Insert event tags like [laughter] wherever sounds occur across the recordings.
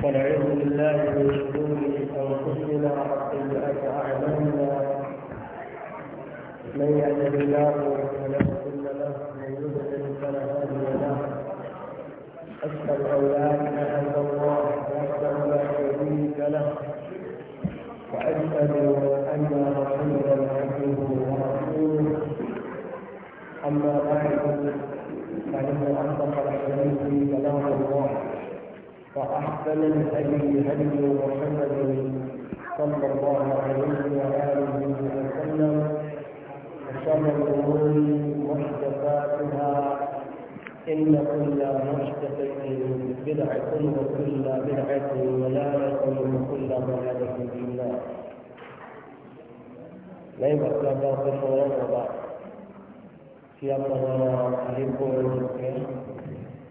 ونعوذ بالله من شرور انفسنا وسيئات اعمالنا من يهده الله فلا مضل له ومن يضلل فلا هادي له اشهد ان لا اله الا الله وحده لا شريك له واشهد ان محمدا عبده ورسوله اما بعد فان اصدق الحديث كلام الله وأحسن الهدي هدي محمد صلى الله عليه وآله وسلم وشر الأمور محدثاتها إن كل محدثة بدعة وكل بدعة ضلالة وكل ضلالة في الله لا يبقى لا باطل في أمر أحبه الكريم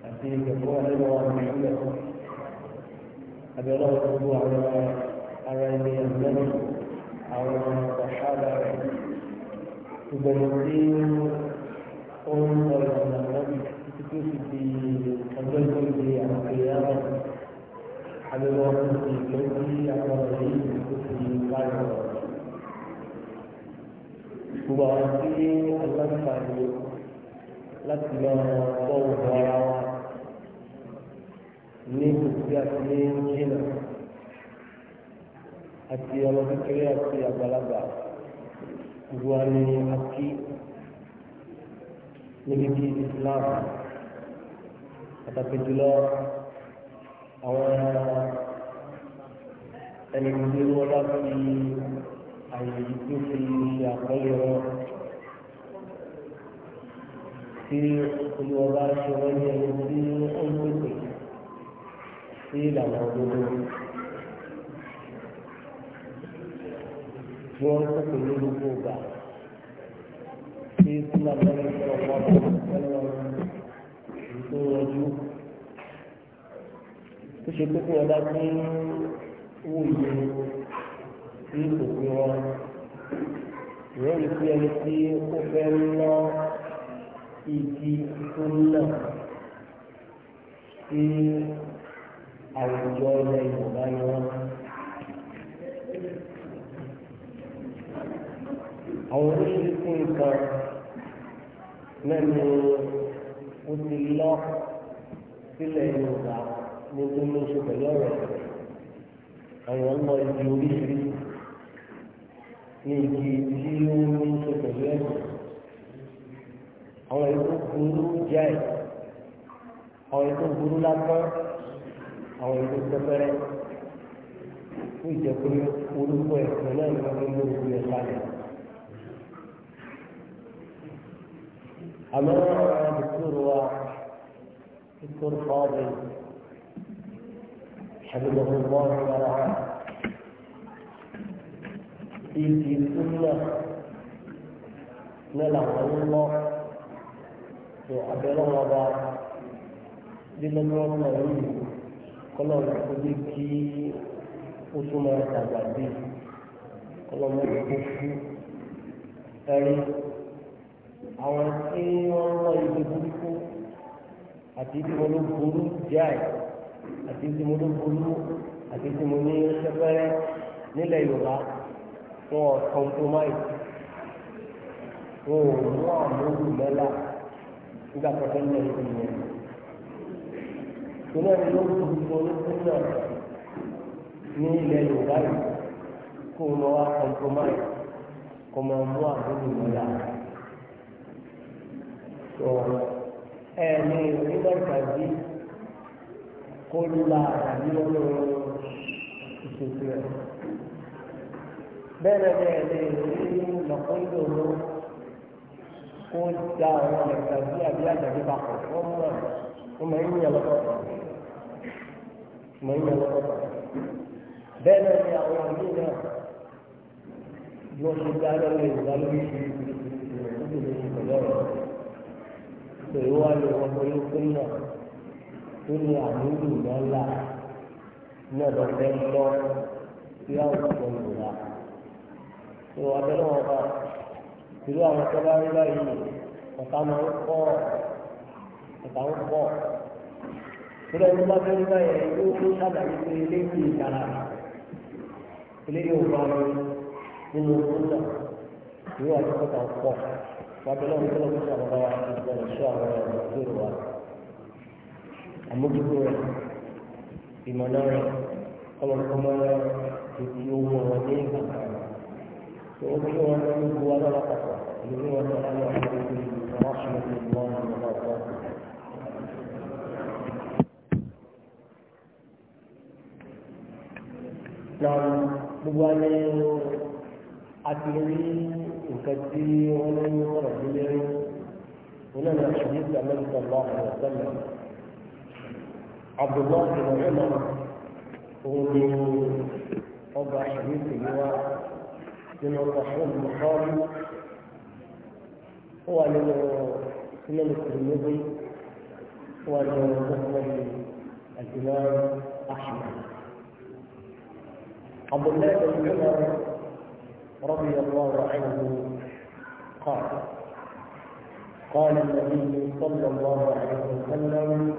أتيك الله محمد أبي الله يقول على على النبي على الصحابة تبرزين أنظر إلى النبي تكون في قبل كل يوم القيامة على الوقت الذي على الرئيس في قلبه مباركين الله تعالى لك يا الله ní ìgbésí àti ní jìnnà àti ọmọ kékeré àti àgbàlagbà ìwà ni akí níbi tí Islam pàtàkì jùlọ àwọn ẹni tí wọ́n bá fi àyè tó fi ṣe àkọlé wọn tí olùwọ́n bá ṣe wọ́n ní ẹni tí ó ń pèsè sí ìlànà òdodo tí wọ́n sọ̀kò ní gbogbo ìgbà tí sílá lọ́wọ́ sọ̀rọ̀ pọ̀ lọ́wọ́ tó rọjú. ó ṣe kókó ọlá tí owó yìí ní ìsòkè wọn ìwé yìí fi ẹni tí ó fẹ́ ná igi tó náà tí àwùjọ ilẹ̀ Yorùbá ni wọ́n. àwọn oríṣiríṣi nǹkan mẹ́nu ó ti lọ sílẹ̀ Yorùbá ní tó ní oṣù pẹ̀lú ọ̀rọ̀ rẹ̀ àwọn ọmọ ìdí oríṣiríṣi ní igi tí ó ní oṣù pẹ̀lú ẹ̀sìn àwọn ètò burú jáì àwọn ètò burú lápá. àwọn ìlú pẹ́pẹ́rẹ́ fún ìjẹ́pé orúkọ ẹ̀sìn náà ni wọ́n fi ń mú ìlú ẹ̀ka rẹ̀. àmọ́ àdìsúrò wa ìkórè fọ́ọ̀bù حفظه الله ورعاه في سنة نلعب الله وعبد الله لمن يوم kọlọ́ọ̀nù kó dé kí ó tún máa dàgbà dé kọlọ́ọ̀nù kó kú ẹ̀rí àwọn tí wọ́n ń lọ ibi burúkú àti ibi mo ló burú jáì àti ibi mo ló burú àti ibi mo ní sẹ́fẹ́rẹ́ nílẹ̀ Yorùbá wọn ò compromise wọn ò mú àmúlùmọ́lá nígbà tó fẹ́ lọ ibi yẹn ìpínlẹ̀ rẹ ló ń lu olókùn náà ní ilẹ̀ yorùbá yìí kó o lọ wá compromise kó o máa mú àbúrò ìmọ̀lá tó ẹ̀ẹ́dì nígbà ìtàgé kó ló la àbí lọ́nà ìṣètò ẹ̀ bẹ́ẹ̀ bẹ́ẹ̀ lè rí lọ́kọ́ ìdòwò kó da àwọn ìtàgé àbí àtàgé papọ̀ wọ́n mọ̀ wọ́n ẹ̀yìn ìyàlọ́kọ̀ọ́ mọ̀ ní ẹ̀rọ pọ̀pọ̀. bẹ́ẹ̀ náà ni àwọn àmì náà bí wọ́n ṣe dá lọ́wọ́ ìgbà lórí ìwà lórí tó ní àmúlò lọ́la ní ọ̀dọ̀ fẹ́ lọ sí àwùjọ ìlà. Ṣé wàá bẹ́ẹ̀ náà bá ìlú àwọn tó bá rí báyìí ọ̀tá máa ń pọ̀ ọ̀tá ń pọ̀ nígbà tó bá fẹ́ nígbà yẹn yóò fún sàlàyé pé eléyìí ìdára eléyìí ò bá wọn nínú ọdún ìwé àtúntò pọ̀ wàbẹ̀lẹ̀ wọn tó lọ́wọ́ sọ̀rọ̀ bá ìgbọ̀nà sọ àwọn ọ̀rọ̀ tó rọ̀ wá àmójútó rẹ̀ ìmọ̀nà rẹ̀ ọlọ́kọ́mọ́ rẹ̀ ètí owó wọn ní ìgbà kan tó ó bí wọn lọ́wọ́ gbowó alára pàpọ̀ ìlú wọn lọ́wọ́ àwọn ọ̀rọ̀ tó rọ̀ wá sọ̀rọ̀ náà gbogbo alẹ́ àti rí nǹkan tí wọ́n ń sọ̀rọ̀ nílé rí wọn náà ní ṣùgbọ́n ìgbà mẹ́rin tó lọ àwọn ọ̀sẹ̀lẹ̀ Abdullahi ìrọ̀lẹ́ náà òun ni ọba ṣùgbọ́n ìgbà wa nínú ọkọ̀ fún ìmọ̀kọ́rù ó wà nínú sílẹ̀ ìkùnmọ́bí ó wà nínú ọkọ̀ fún ìmọ̀kọ́rù náà àṣìmọ̀. عبد الله بن عمر رضي الله عنه قال قال النبي صلى الله عليه وسلم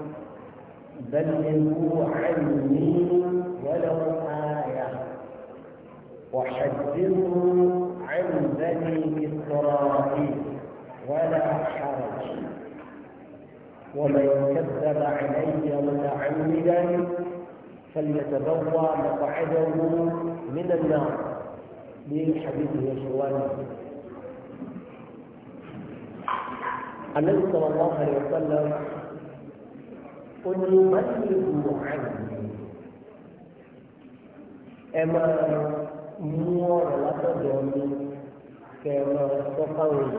بلغوا عني ولو آية وحذروا عن بني إسرائيل ولا حرج ومن كذب علي متعمدا فليتبوى مقعده من النار بحديثه الشواني النبي صلى الله عليه وسلم قل يبلغ عني اما نور لا كما تقول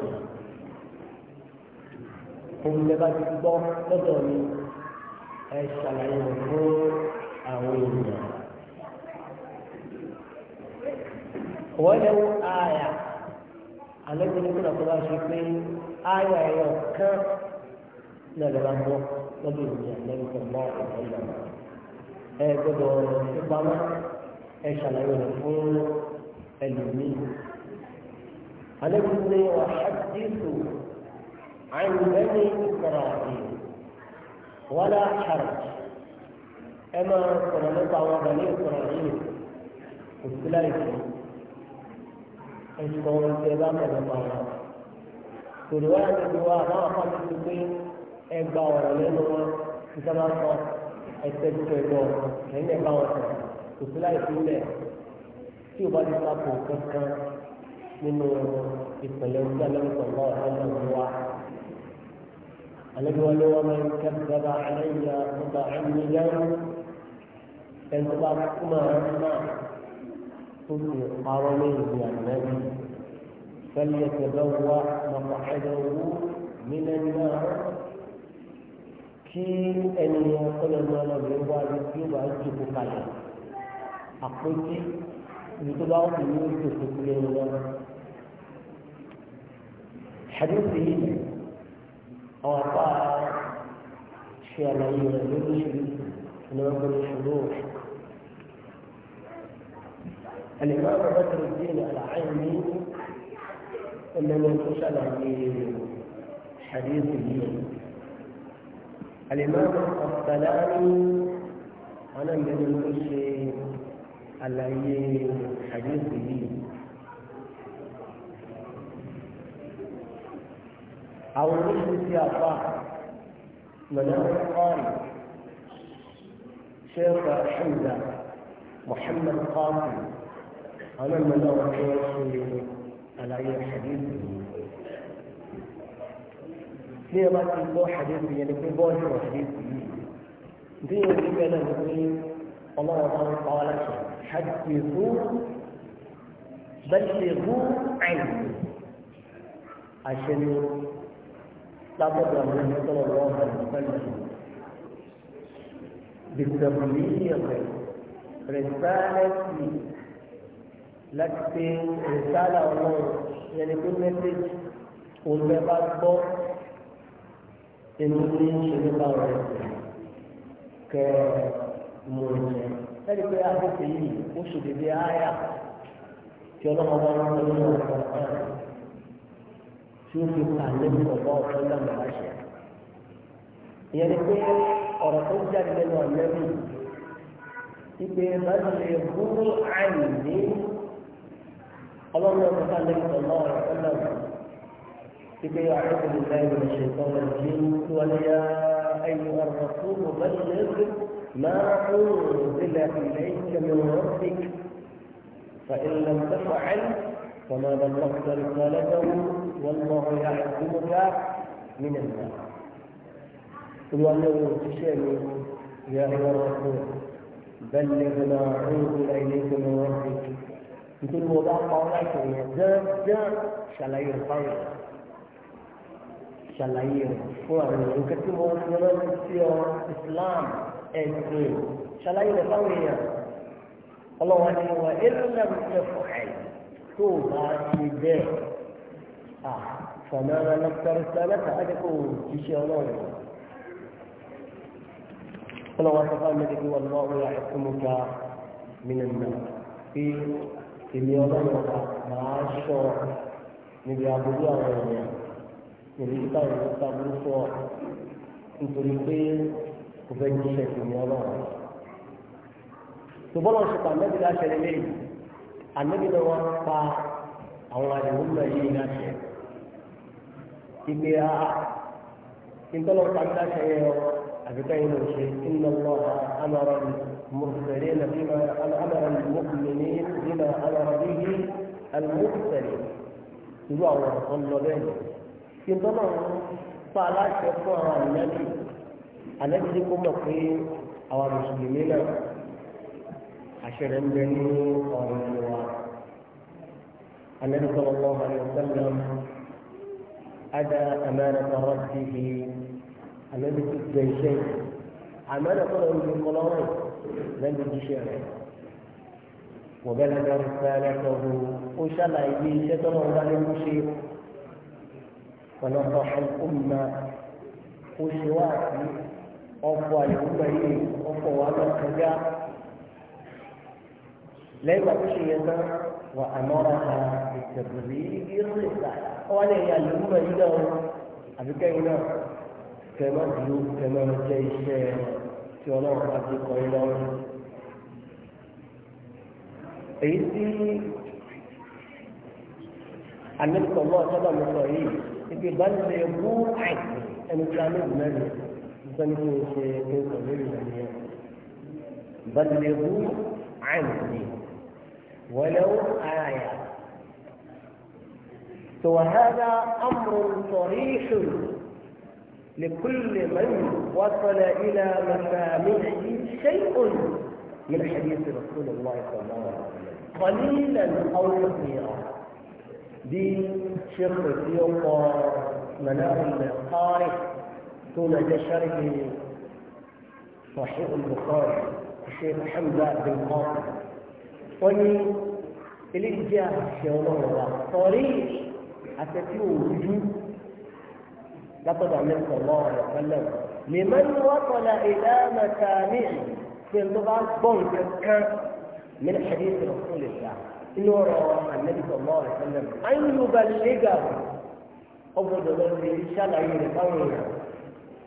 قل لبلغ عني ايش عينه ولو آية أنا أقول لك أنا أقول لك آية يوكا نجرمو نجرمو نجرمو نجرمو نجرمو نجرمو نجرمو نجرمو نجرمو أنا أقول لي وحدثوا عن بني إسرائيل ولا حرج ẹ máa sọ̀rọ̀ nípa àwọn ọ̀gá ní ìsọ̀rọ̀ yìí kò sí láìsí ẹ̀sùn ọ̀hún tí ẹ bá mọ̀ nípa wọn. Tòlú wá níbi wa àbáwọn fáwọn ti pé ẹ gba ọ̀rọ̀ lẹ́nu wọn tí ká bá sọ ẹsẹ̀ tó ẹ̀gbọ́ ẹ̀yìn ẹ̀ bá wọn sọ kò sí láìsí lẹ̀ tí o bá ti sápò kankan nínú ìpìlẹ̀ ojú alẹ́kọ̀ọ́ náà ọ̀sán wa. Àlejò wa ló wọ́n máa ń kẹ́ ẹni tó bá máa ń náà tó sì parọ́ lórí ànábì fẹ́lẹ́ tẹ̀lé wá màmá ẹ̀dẹ̀ owó nílẹ̀ náà kí ẹni yẹn kọ́lẹ̀ ní ọlọ́run wá rí tí ó bá jókòó kalẹ̀ àpótí ibi tó bá ní ojú òkú lẹ́nu náà. حديث أو أعطاها شيئا من المدرس إنما يكون الحضور الإمام بدر الدين العيني لم ينقشنا في حديث الدين الإمام القسطلاني أنا من ينقش على حديث الدين أو مثل سياقات من قال شيخ حمزة محمد قاسم قال من لو أن يرسل علي حديث ليه بقى تبقى حديث يعني في ظاهر حديث دي اللي كان يقول الله تعالى قال حدثوا بلغوا عنه عشان لا تقرا من صلى الله عليه وسلم بالتبليغ رسالتي láti pé ìsáàlà ọlọ́run yẹn ni pé mẹ́sẹ̀jì òun bẹ́ẹ̀ bá gbọ́ inú ní ṣe nípa ọ̀rẹ́ kẹ mú ìjẹ. ẹni pé àkókò yìí ó ṣe dédé áyà tí ọlọ́mọ bá wọn lọ́wọ́ ní ọ̀rọ̀ ọ̀rọ̀ tí ó fi kà lẹ́nu ọ̀gá ọ̀fẹ́ lọ́mọ láṣẹ. ìyẹn ni pé ọ̀rọ̀ tó jáde lẹ́nu ọ̀lẹ́bí ìpè bá ti lè gbúrú اللهم صل على الله عليه وسلم بك أعوذ بالله من الشيطان الرجيم ويا أيها الرسول بلغ ما أنزل إليك من ربك فإن لم تفعل فما بلغت رسالته والله يعلمك من النار قل أنه تشامي يا أيها الرسول بلغ ما أنزل إليك من ربك nítorí wọn bá pa ọ láìpẹ́ yẹn dáadáa ṣàlàyé rẹ̀ fáwọn yẹn ṣàlàyé rẹ̀ fún àwọn èèyàn nǹkan tí wọ́n ti rán sí ọ Islam ẹ̀sìn ṣàlàyé rẹ̀ fáwọn èèyàn ọlọ́wọ́n ni wọ́n ẹ̀rọ ṣe fún ẹ̀ tó bá ṣe bẹ́ẹ̀ fọ̀nà lọ́kọ̀ọ́rọ̀ sọ́lọ́tà àdẹ́kọ̀ òjíṣẹ́ ọlọ́run ọlọ́wọ́n sọ fáwọn mẹ́tẹ̀ẹ́kì wọn lọ́wọ́ yà ẹ̀kọ́ mú ká mí èmi ọlọ́run ọba máa ṣọ níbi aburú àwọn ènìyàn níbi títà ìlú sábúrú fún ọ nítorí pé kò fẹ́ jíṣẹ́ sí mi ọlọ́run. ṣùgbọ́n wọn ṣùpà ànábì láṣẹ lé lẹ́yìn ànábì náà wọ́n pa àwọn àdéhùn náà yìí láṣẹ. ìgbé a ìtọ́lọ́pàá láṣẹ yẹn àbíkáyé ló ṣe ń lọ́wọ́ àmọ́ràn mi. مرسلين بما امر المؤمنين بما امر به المرسلين الله صلى الله عليه فعلا شفوا النبي النبي يكون مقيم او المسلمين عشرين بني قالوا النبي صلى الله عليه وسلم أدى أمانة ربه النبي في الجيشين أمانة ربه lẹ́nu jíṣẹ́ rẹ̀ wọ̀bẹ́lẹ́gbẹ́ rẹ̀ lọ́wọ́ ó ṣàlàyé bí iṣẹ́ tọ́lọ́ ń bá lẹ́nu ṣe ọlọ́pàá ọmọ ó ṣe wá sí ọkọ̀ àyẹ̀wò pẹ̀lú ọkọ̀ wa lọ́kọjá lẹ́yìn àti ṣe yẹn tán wà àmọ́ra ha ìtẹ̀bùrì ìrìnsà ọwọ́ ní ẹ̀yà àyẹ̀wò pẹ̀lú náà àbíkẹ́yìn náà kẹmọ́ dúró kẹmọ́ jẹ́ iṣẹ́ tí ọlọ́run bá ti kọ́ ilé ọ̀run. èyí tí àmìkọ̀ náà sábà mi sọ yìí ibi ìbánilẹ̀ mú àìsàn ẹni tí a ní ìlú mẹ́rin nígbà ní kí n ṣe kí n sọ lórí ìlú yẹn. ìbánilẹ̀ mú àìsàn wọlé àyà. وهذا أمر صريح لكل من وصل إلى مسامعه شيء من حديث رسول الله صلى الله عليه وسلم قليلا أو كثيرا دي شيخ اثيوبيا مناه القارئ دون جشره صحيح البخاري الشيخ حمزة بن قاسم وني الإجابة في الله طريق حتى في وجود لقد أمر الله عليه وسلم لمن وصل إلى مسامعه في اللغة بونك من حديث رسول الله إنه روى النبي صلى الله عليه وسلم أن يبلغه أبو ذر الشرع لقومه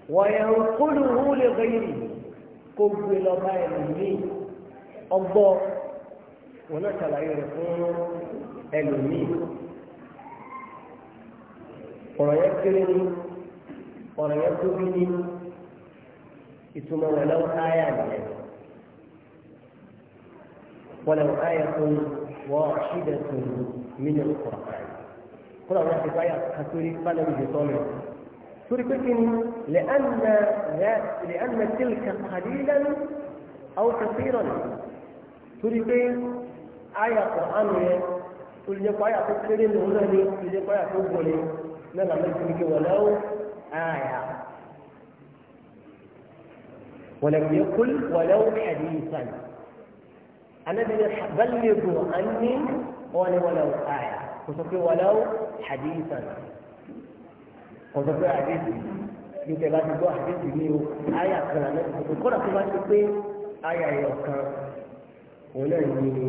وينقله لغيره قبل بينه الله ونسل يكون المميت ويكرم ọ̀rọ̀ yẹn tóbi ní ìtumọ̀ wọn lọ́wọ́ káyà nìyẹn wọn lọ́wọ́ káyà fún wọn ṣídẹ̀ tó mílíọ̀nù kọ̀ọ̀kan kúrò àwọn àti káyà kàtórí bánà ìdè sọ́nà torí pé kí ni lẹ́ẹ̀nà tílkà kàdílẹ̀ àwọn kẹfìrọ̀ ni torí pé àyà kọ̀ọ̀kan yẹn olùjẹ́pọ̀ àyà tó kéré ní òun náà ni olùjẹ́pọ̀ àyà tó gbọ̀ ni náà làwọn ìdílé wọ̀ lẹ́wọ̀. آية ولم يقل ولو حديثا أنا بلغوا عني ولو آية وتقول ولو حديثا وتقول حديث nígbà bá ti gbọ́ àdéhùn ní o àyà kan àná tuntun kọ́nà tó bá ti pé àyà yẹn kan òun náà ní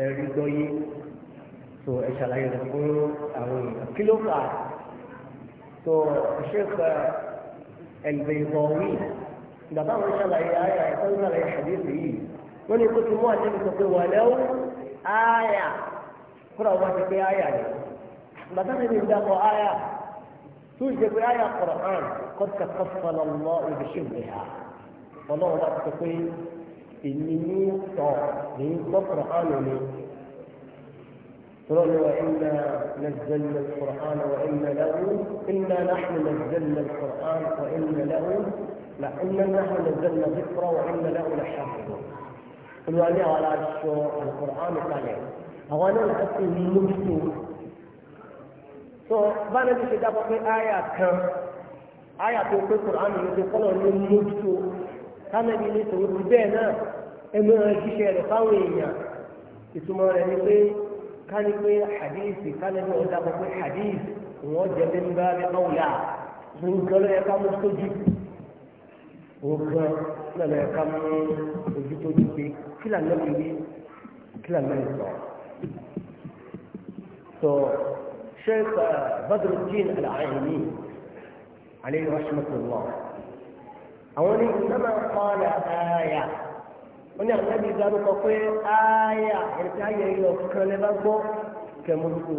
ẹ̀rí gbọ́yé tó ẹ̀ ṣàlàyé rẹ̀ fún àwọn èèyàn kí ló fà á تو الشيخ البيضاوي ده طبعا ان شاء الله هي آية يقول لها حديث ايه wọ́n ní kó ti mú àti ìfẹ́ pé wọ́n lẹ́wọ́ ááyà kúrò wọ́n ti pé ááyà ni bàtà mi ní ìdàpọ̀ ááyà tó ṣe pé ááyà Qur'an kọ́ta kọ́fọ́nà lọ ibi ṣe wẹ̀ ha ọlọ́run bá ti sọ pé èmi ní tọ̀ ní tọ́ Qur'an ni. قال وإنا نزلنا القرآن وإنا له إنا نحن نزلنا القرآن وإنا له لا إنا نحن نزلنا ذكرى وإنا له لحافظون قالوا لي على القرآن قال هو أنا لقيت نفسي so بنا دي كده بقول آية كم آية في القرآن يقول قالوا لي أنا كان لي نفسي وربنا إنه الشيء اللي قوي يعني إذا ما رأيت kani pé hadithi kani pé ọ̀dà kò pé hadith wọ́n jẹ ní bá mi ọ̀wùlà nǹkan ló yẹ ká mú sójú nǹkan náà ló yẹ ká mú ojú tó ju pé kí là náà wí kí là náà sọ. sọ sheikh badruddin al-aini alayhi rahmatullah àwọn ní sábà kọ́ ọ́ aya. wọ́n ní àtẹ́bí ìdánukọ pé ááyà ẹ̀ka ayẹyẹ ọ̀kan lè bá gbọ́ kẹmúlùkù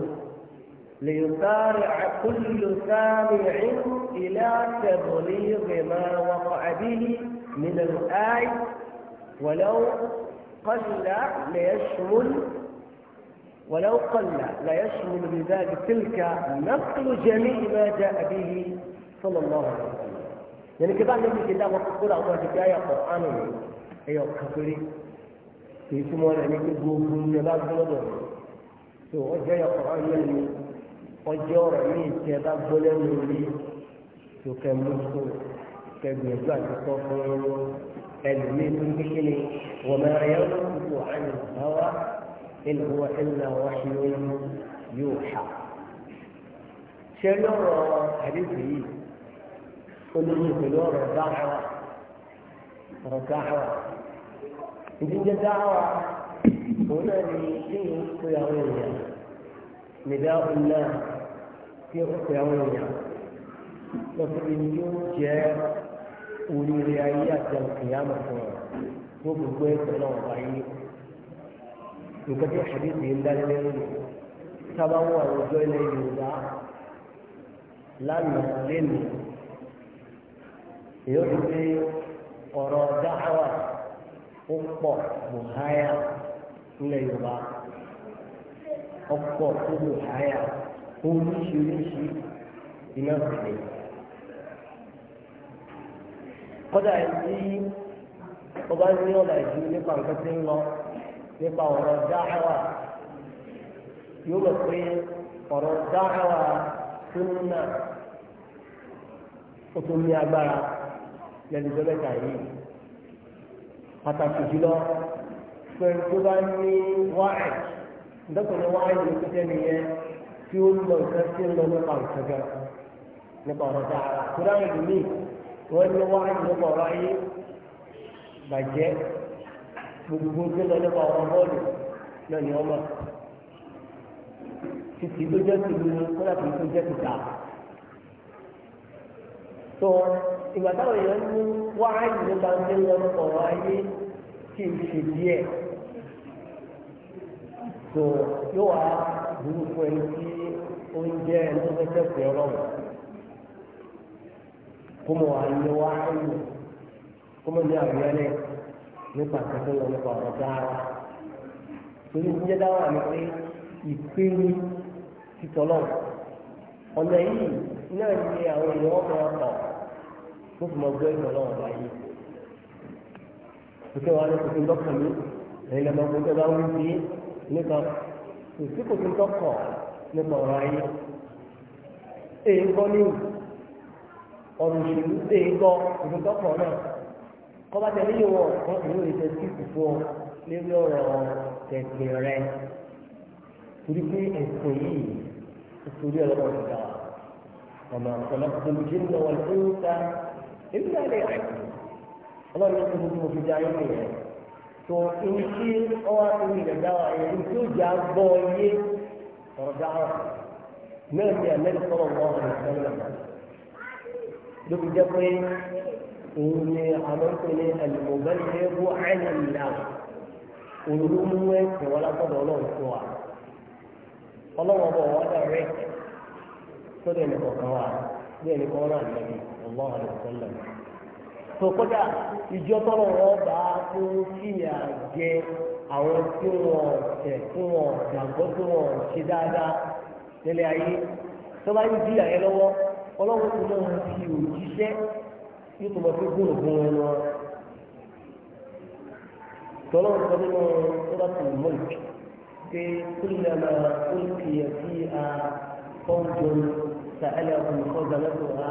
lè sáré àkúlù sáré ẹ̀hìn ìlà tẹ̀bọ̀lì rèmà wàkọ̀ àbílí nínú áì wọ̀lẹ́wò قل لا يشمل ولو قل لا يشمل بذلك تلك نقل جميع ما جاء به صلى الله عليه وسلم يعني كذا النبي كذا وقت قول الله في آية قرآن ẹyọ kan péré èyí tí wọ́n rẹ̀ ní pé gbogbo ní ọba gbọ́dọ̀ tó ọjọ́ ẹyọ kan yẹn ni ọjọ́ ọ̀rọ̀ ní ìtì ẹ̀bá gbọ́dọ̀ ní orí tó kẹ mú tó kẹ gbìyànjú àti sọ fún ẹlòmíì tó ń bí kí ni wọ́n máa rẹ̀ yọ kúkú àyè báwa إن هو إلا وحي يوحى شنو حديثه قل له كلور دعوة ركعوة ìdíjẹ́ dáhàwá òun náà ni kéèyàn ń pe àwọn èèyàn nìdá òun náà kí ó pe àwọn èèyàn lọ síbi ni yóò jẹ́ oríire ayé àti àkìyàmọ̀ fún ọ tó gbogbo ẹ̀sẹ̀ náà wáyé nǹkan tí àdéhùn yìí ń dá lẹ́yìn lónìí sábà ń wà ilẹ̀ yorùbá lánàá lẹ́nu èyí ó ti pé ọ̀rọ̀ dáhàwá ó pọ̀ bùháyà ńlẹ̀ yorùbá ọ̀pọ̀ tó bùháyà oríṣiríṣi iná sílẹ̀. kọ́dà tí ọba ní ọ̀la ìjú nípa nǹkan tí ń lọ nípa ọ̀rọ̀ dáhàwà yóò mọ̀ pé ọ̀rọ̀ dáhàwà tó ń nà ó tó ní agbára lẹ́nu ìjọba ìta yìí pàtàkì jùlọ pẹ̀lú tó bá ní wáyé ndọ́kùn ní wáyé ló ti tẹ́lẹ̀ yẹ tí ó lọ nǹkan tí ń lọ nípa nǹkan gan nípa ọ̀rọ̀ dára tó dáhùn ìlú mi wọ́n ní wáyé nípa ọ̀rọ̀ ayé bàjẹ́ gbogbo tó lọ nípa ọ̀rọ̀ bọ́ọ̀lù náà ni wọ́n mọ̀ títí tó jẹ́ tìlú kọ́lá tó tó jẹ́ tìta tó ìgbà táwọn èèyàn ní wáyé nípa ń lọ nípa ọ̀rọ̀ ayé tí ń ṣe díẹ̀ tó yóò wá burú fún ẹni tí ó ń jẹ́ ẹni tó fẹ́ tẹ̀sẹ̀ ọlọ́run kó mọ̀ wá ní wá ẹ̀yìn kó mọ̀ ní àwòrán nípa kẹsàn-án lọ nípa ọ̀rọ̀ dára torí ń jẹ́ dáwà ni pé ìpinnu títọ́lọ́ ọ̀nà yìí náà ni àwọn èèyàn ọ̀pọ̀ ọ̀pọ̀ tó fi mọ̀ gbọ́ ìtọ́lọ́ ọ̀la yìí kòtò wa ní kòtò ńdọ́kàn mi ẹ̀yin lẹ́mọ̀ kòtò bá wí sí nípa kòtò kòtò ńdọ́kàn nípa ọ̀rọ̀ ayé èyí ń gbọ́ ní ọ̀rọ̀ òṣèlú èyí ń gbọ́ kòtò ńdọ́kàn náà kọ́ba tẹ̀lé yìí wọ̀ wọ́n kì í lè ṣe sí ìfò lórí ọ̀rọ̀ tẹ̀sìn rẹ̀ torí pé ẹ̀sìn yìí nítorí ọ̀rọ̀ ọ̀gá ọ̀nà ọlọ́run ló ń mú fi dá yín nìyẹn tó ewu tí ọwọ́ tó ń yẹn dá wa yẹn tí ó jà gbọ́ yé ọ̀rọ̀ dá wa náà ní àmẹ́lì sọ̀rọ̀ wọn ọ̀rọ̀ ìṣẹ́lẹ̀ ló fi jẹ́ pé òun ni àwọn tó ní àlùmọ̀gbẹ́ni yẹn bó àìní ìlà òun ló mú ẹ̀sìn látọ̀dọ̀ ọlọ́run fún wa ọlọ́run ọba ọ̀wá dà rẹ̀ sọ́dọ̀ ẹnì kọ̀ọ̀kan wa bí ẹnì tó kọjá ìjọ tọrọ wọn bá fún kíyà jẹ àwọn tí wọn tẹ tí wọn gbàgbọ́ tí wọn ṣe dáadáa nílé ayé tó bá ń jìyà yẹn lọ́wọ́ ọlọ́wọ́ tó lọ́wọ́ fi òjíṣẹ́ yóò tó lọ fi gún ògùn wọn lọ. تلون قدموا سورة الملك كي كلما ألقي فيها فوج سألهم خزنتها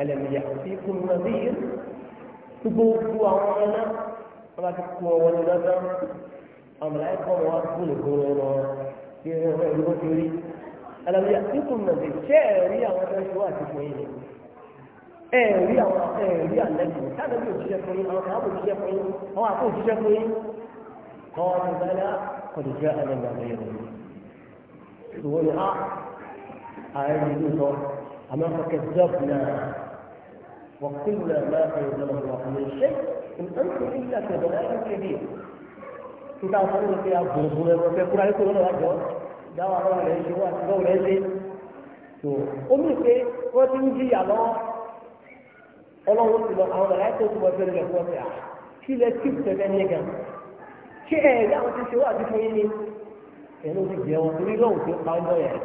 ألم يأتيكم نذير تبوكوا عنا فلاتكوا ولدا أم لا يكون واقف الغرور يغفري ألم يأتيكم نذير شعري أو أشواك مهين أيوي أو أيوي الذي هذا بيو تشفرين أو هذا بيو تشفرين أو أكو تشفرين قال بلى قد جاءنا نذير سوري أعلم أعلم أنه أما فكذبنا وقلنا ما أنزل الله من شيء إن أنتم إلا كبلاء كبير nígbà wọn ló fi agbòrògbòrò ẹ̀rọ fẹ́ kúrò ayékòrò náà wájọ dáwà àwọn ọ̀rẹ́ ṣe wá àtúgbò rẹ̀ ṣe tó ó mú pé wọ́n ti ń jìyà lọ ọlọ́run ti lọ àwọn ọ̀rẹ́ tó ti wọ́n fẹ́rẹ̀ lẹ́kọ́ ọ̀sẹ̀ à kí lẹ tí kò tẹ́lẹ̀ ní gan ṣé ẹ̀ ẹ̀dá wọn ti ṣe wá àti fún yín ni ẹ̀rọ ti jẹ́ wọn torí lọ́wọ́ tó pa ọjọ́ yẹn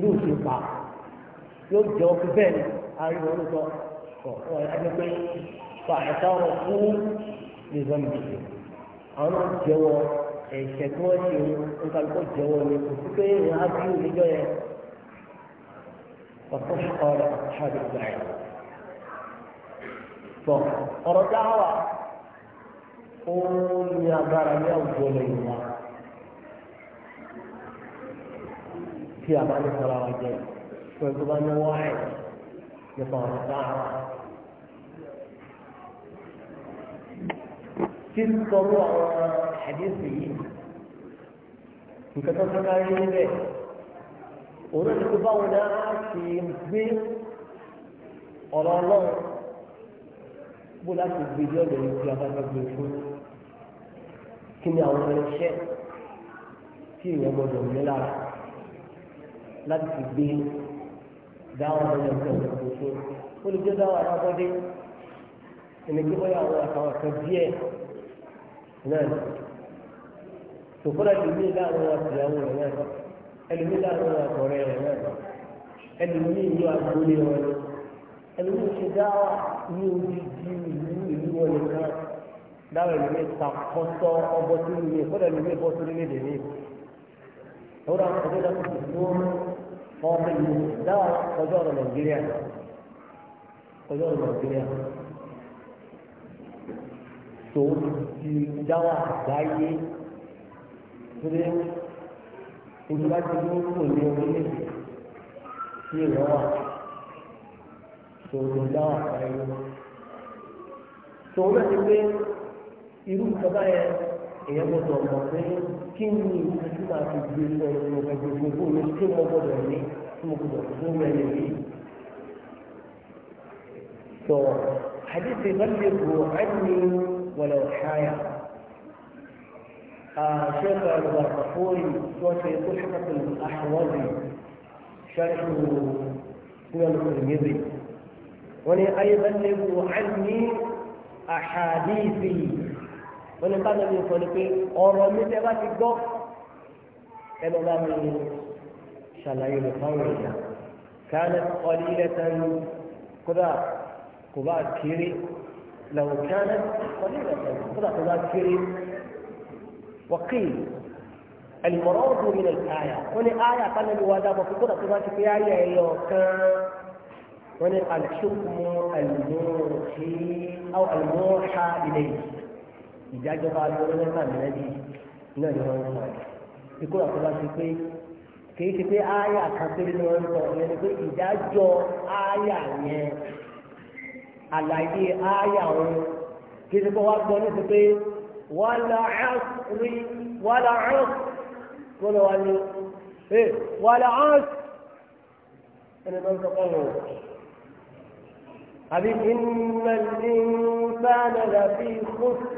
lóòótọ́ pa yóò jẹ́ ọ حاجه ولا يعني فاعتار الصوم لذنبه انا جوا شكوتي انت قلت جوا لكفين وهذه اللي فصح قال اصحاب السعيد فرجع قول يا برم يا جولي في أمان الله وجل فقال واحد nípa ọ̀rọ̀ dáhà. Sísọ̀rọ̀ àwọn àdéhùn yìí, nǹkan tó fẹ́ rí níbẹ̀, òun náà ti kó báwo ni a ti gbé ọ̀rọ̀ ọlọ́run bó láti gbé ilé ọ̀dọ̀ yìí tí a bá fẹ́ gbé fún. Kí ni àwọn irinṣẹ́ tí èèyàn gbọdọ̀ ní lára láti fi gbé dáwọn ọmọ ẹgbẹ́ ọ̀sẹ̀ ṣoṣo ó lè jẹ́ dáwọn alábọ́dé ẹni pé bóyá àwọn àtàwọn kan díẹ̀ náà tòkọ́lá ẹlòmíì láàrin wọn àtìyàwó rẹ̀ náà ẹlòmíì láàrin wọn àtọ̀rẹ́ rẹ̀ náà ẹlòmíì yóò agbóni wọn ni ẹlòmíì ṣe dáwà ní odidi ìlú ìlú wọn nìkan dáwà ẹlòmíì takọ́sọ́ ọbọ̀ tó ní ìlú ẹ̀kọ́ ọmọ ìlú dáwà ọjọ́ ọ̀rọ̀ nàìjíríà ọjọ́ ọ̀rọ̀ nàìjíríà tó ti dáwà àgbáyé pé ìjọba ti ní kò ní orílẹ̀-èdè tí èèyàn wà tó ti dáwà àgbáyé tó ń bẹ̀ ti pé irú ìjọba yẹn. èèyàn gbọ́dọ̀ mọ̀ pé kí ni ìlú tí màá fi gbé fún ẹni mo fẹ́ gbogbo fún mi kí mo gbọ́dọ̀ ní tí mo gbọ́dọ̀ fún mi ẹni yìí. sọ àdìsí bálẹ̀kù ẹni wọlé ọ̀ṣáyà. شيخ الغفوري وشيخ تحفة الأحوذي شرح سنن الترمذي وني أيضا عني أحاديثي wọn ní báyìí mi sọ ni pé ọ̀rọ̀ mi tẹ́ bá ti gbọ́ ẹ lọ bá mi ṣàlàyé rẹ̀ fáwọn èèyàn káàlẹ́ ọ̀lẹ́ ilẹ̀ tán kódà kò bá kéré làwọn káàlẹ́ ọ̀lẹ́ ilẹ̀ tán kódà kò bá kéré wọ́kìlì. المراد من الآية هنا آية قال لي وهذا بفكرة تبات في آية يوكا هنا قال حكم الموحي أو الموحى إليه ìdájọ́ bá lọ lọ́nà mẹ́lẹ́bí náà ni wọ́n ń sọ ikú àti wá sí pé kì í ṣe pé ááyà kan péré ni wọ́n ń sọ ìyẹn ni pé ìdájọ́ ááyà yẹn àlàyé ááyà wọn kì í ṣe pé wọ́n gbọ́ ní ti pé wàlà ásírí wàlà ásírí wọ́n wàlà ásírí ẹni tó ń sọ fún wọn. àbí ìnnà ìlú sáà nàdà bíi kóòtù.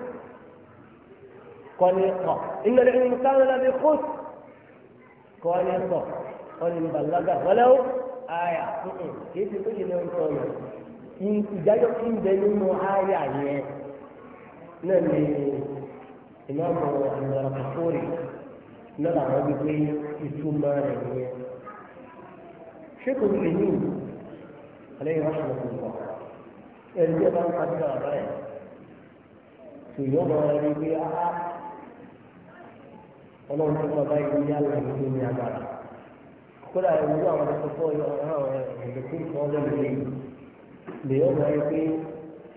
قانطة إن الإنسان الذي خس قانطة قال مبلغة ولو آية كيف تقول لهم قانطة إن إجاجة إن بينهم آية يعني نعم إمام عمر الكفوري نرى ربي يسمى يعني شيخ الإمام عليه رحمة الله الجبل قد نرى سيوم ربي أحد ọlọ́run tó bá yìí ní àlọ́ ìlú ní agbára kódà ìlú àwọn akẹ́kọ̀ọ́ yọ àwọn ẹ̀ẹ́dẹ̀kùn kan lẹ́nu lẹ́yìn lè yọ̀ wáyé pé